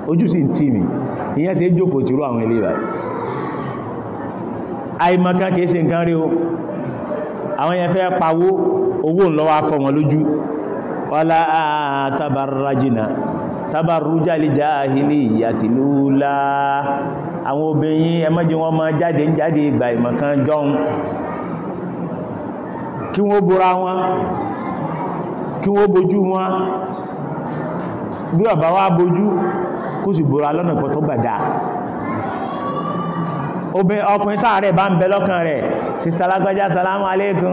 ojú sì ń tì mí ìyẹn ṣe jókòó tìrú àwọn ilé ìbàdí àìmọ̀kan kìí ṣe nǹkan rí o àwọn yẹn fẹ́ pawó owó ńlọ́wọ́ afọ wọn lójú ọlá àtàbàrájìnà tàbàrújàlìjà àhìlì ìyàtìlúlá àwọn obìnrin ẹmọ́jú wọn máa jáde ń jáde ìgbà ìmọ̀kan jọun kí wọ́n bora wọn kí wọ́n bojú wọn bí ọ̀bá wá bojú kó sì búra lọ́nà kan tó gbàdá ọkùnrin táàrẹ̀ bá ń bẹ lọ́kàn rẹ̀ sísá lágbájá salamu aleikum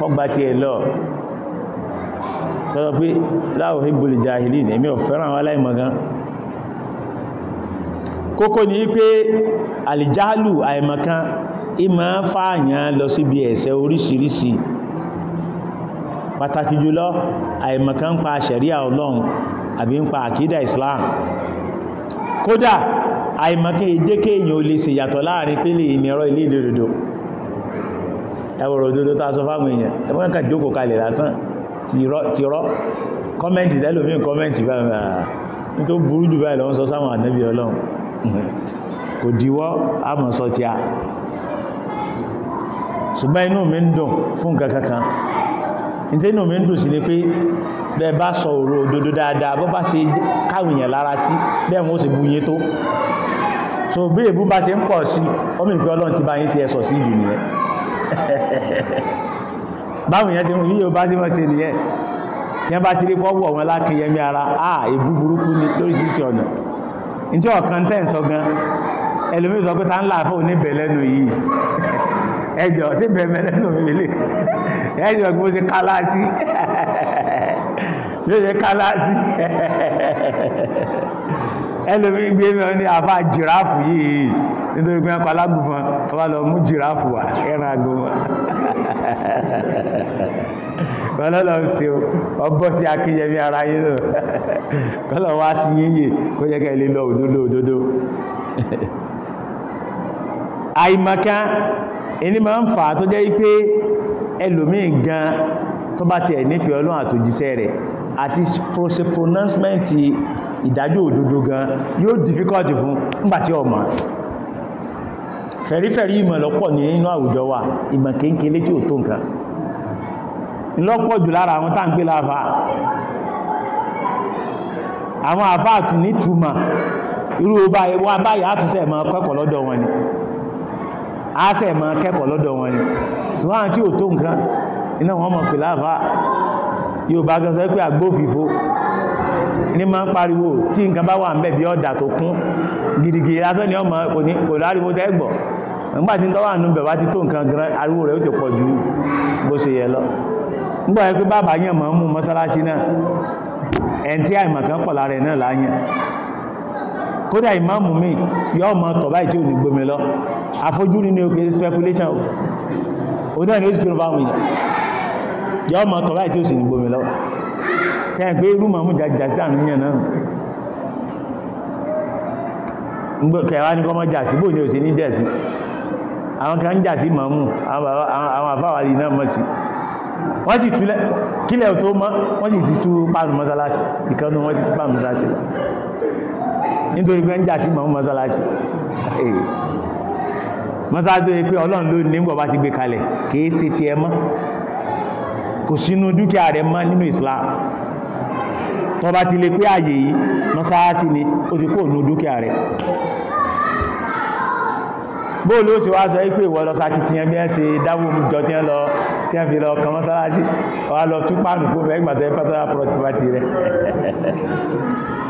kọgbà tí ẹ lọ tọ́lọ pé la uhibbul jahilin èmi ò fẹ́ràn àwọn aláìmọ̀gán kókó ni pé àlìjálù àìmọ̀kan ìmọ̀ fààyàn lọ síbi ẹ̀ṣẹ̀ oríṣiríṣi pàtàkì jùlọ àìmọ̀kan pa ṣẹ̀ríà ọlọ́run àbí ń pa àkídà Islam kódà àìmọ̀kẹ́ ìjẹ́kẹ́ èèyàn ò lè ṣe yàtọ̀ láàrin pélé ìnirọ́ ilé ìdòdòdò ẹwọ̀rọ̀ òdòdó tá a sọ fáwọn èèyàn ẹgbẹ́ kan jókòó kalẹ̀ lásán ti rọ́ kọ́mẹ́ntì tẹ́lòmín kọ́mẹ́ntì báyìí tó burú jù báyìí lọ́wọ́ sọ sáwọn ànábì ọlọ́run kò díwọ́ àmọ́ sọ ti a ṣùgbọ́n inú mi ń dùn fún nǹkan kankan ìtẹ́ inú mi ń dùn sí ni pé bẹ́ẹ̀ bá sọ ọ̀rọ̀ òdodo dáadáa bọ́ bá ṣe káwìyàn lára sí bẹ́ẹ̀ wọ́n sì bú yín tó so bí èbú bá ṣe ń pọ̀ sí ọmọ ìpín ọlọ́run ti bá yín sí ẹsọ̀ sí ìlú nìyẹn báwọn èèyàn ṣe mú yíò bá ṣe mọ́ ṣe nìyẹn tí wọ́n bá ti rí pọ́pọ̀ wọn lákìyẹmí ara àà èbú burúkú ni lóríṣiríṣi ọ̀nà ntí ọ̀kan tẹ̀ ń sọ gan ẹlòmíì sọ pé ta ń láàfọ́ oníbẹ̀ lẹ́nu yìí ẹjọ́ sí bẹ̀rẹ̀ lẹ́nu mi lè ẹjọ́ bí mo ṣe kálá sí yóò ṣe kálásì ẹlòmí gbé mi ní àfáà jìráàfù yìí nítorí pé ọkọ̀ alágùnfọn ọba lọ mú jìráàfù wà ẹran agbóhùn kọlọ́lọ́ sí o ọbọ́ sí akínyẹmí ara yìí lọ kọlọ́ wá sí yíyè kó jẹ́ kẹ́lẹ́ lọ òdodo òdodo àìmọ̀kan ẹni máa ń fà á tó jẹ́ pé ẹlòmí gan tó bá tiẹ̀ nífẹ̀ẹ́ ọlọ́run àtòjíṣẹ́ rẹ̀ àti pronouncement ìdájọ́ òdodo gan yóò difficult fún nígbàtí ọmọ fẹ̀rífẹ̀rí ìmọ̀ lọ́pọ̀ ní inú àwùjọ wa ìmọ̀ kéńkélé tí ò tó nǹkan lọ́pọ̀ jù lára àwọn táǹgbé láàfà àwọn àfáà ní túmọ̀ irú wa báyìí àtúnṣẹ́ mọ́ kẹ́kọ̀ọ́ lọ́dọ̀ wọn ni àṣẹ lọ́dọ̀ wọn ni wọn Yorùbá gan sọ pé àgbófìfo ní máa ń pariwo tí nǹkan bá wà ń bẹ̀ bí ọ̀dà tó kún gidigidi lásán ni ọmọ kò ní kò láriwo tẹ́gbọ̀ nígbà tí ń tọ́wà nù bẹ̀ wá ti tó nǹkan gan ariwo rẹ̀ ó ti pọ̀ ju bó ṣe yẹ lọ nígbà yẹn pé bàbá yẹn mọ̀ ń mú mọ́sálásí náà ẹni tí àìmọ̀ kan pọ̀ lára ẹ̀ náà láyẹn kódà ìmáàmù mi yọ ọmọ tọ̀ báyìí tí ò ní gbomi lọ àfojúrí ni ó kéré speculation ò náà ni ó sì kéré yọ ọmọ tọ́ báyìí tí ó sì ní gbomi lọ tẹ́ pé irú màmú jàjà tí àmì yàn náà gbogbo kẹwa ní kọ́mọ́ jà sí bò ní òsì ní jẹ̀ sí àwọn kan ń jà sí màmú àwọn àfáwàlì náà mọ̀ sí wọ́n sì túlẹ̀ kílẹ̀ tó mọ́ wọ́n sì ti tú páànù mọ́sálásì ìkanú wọ́n ti tú páànù mọ́sálásì nítorí pé ń jà sí màmú mọ́sálásì mọ́sálásì tó yẹ pé ọlọ́run ló ní bọ̀ bá ti gbé kalẹ̀ kìí ṣe ti ẹ mọ́ kò sínú dúkìá rẹ̀ mọ́ nínú Islam tó bá ti lè pé àyè yìí mọ́sáásí ni ó ti kó nú dúkìá rẹ̀ bóòlù ó sì wá sọ pé ìwọ lọ sakitiyan bí ẹ ṣe dáwó jọ tí ẹ lọ tí ẹ fi lọ kàn mọ́sáásí ọ̀há lọ tún páànù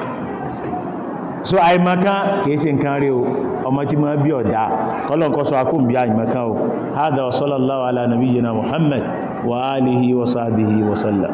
so àìmọ̀kan kìí ṣe nǹkan rí o ọmọ tí ma bí ọ̀dá kọlọ̀ kọ́ sọ akún bí àìmọ̀kan o hádà wa sallallahu ala nabiyyina muhammad wa alihi wa sahbihi wa sallam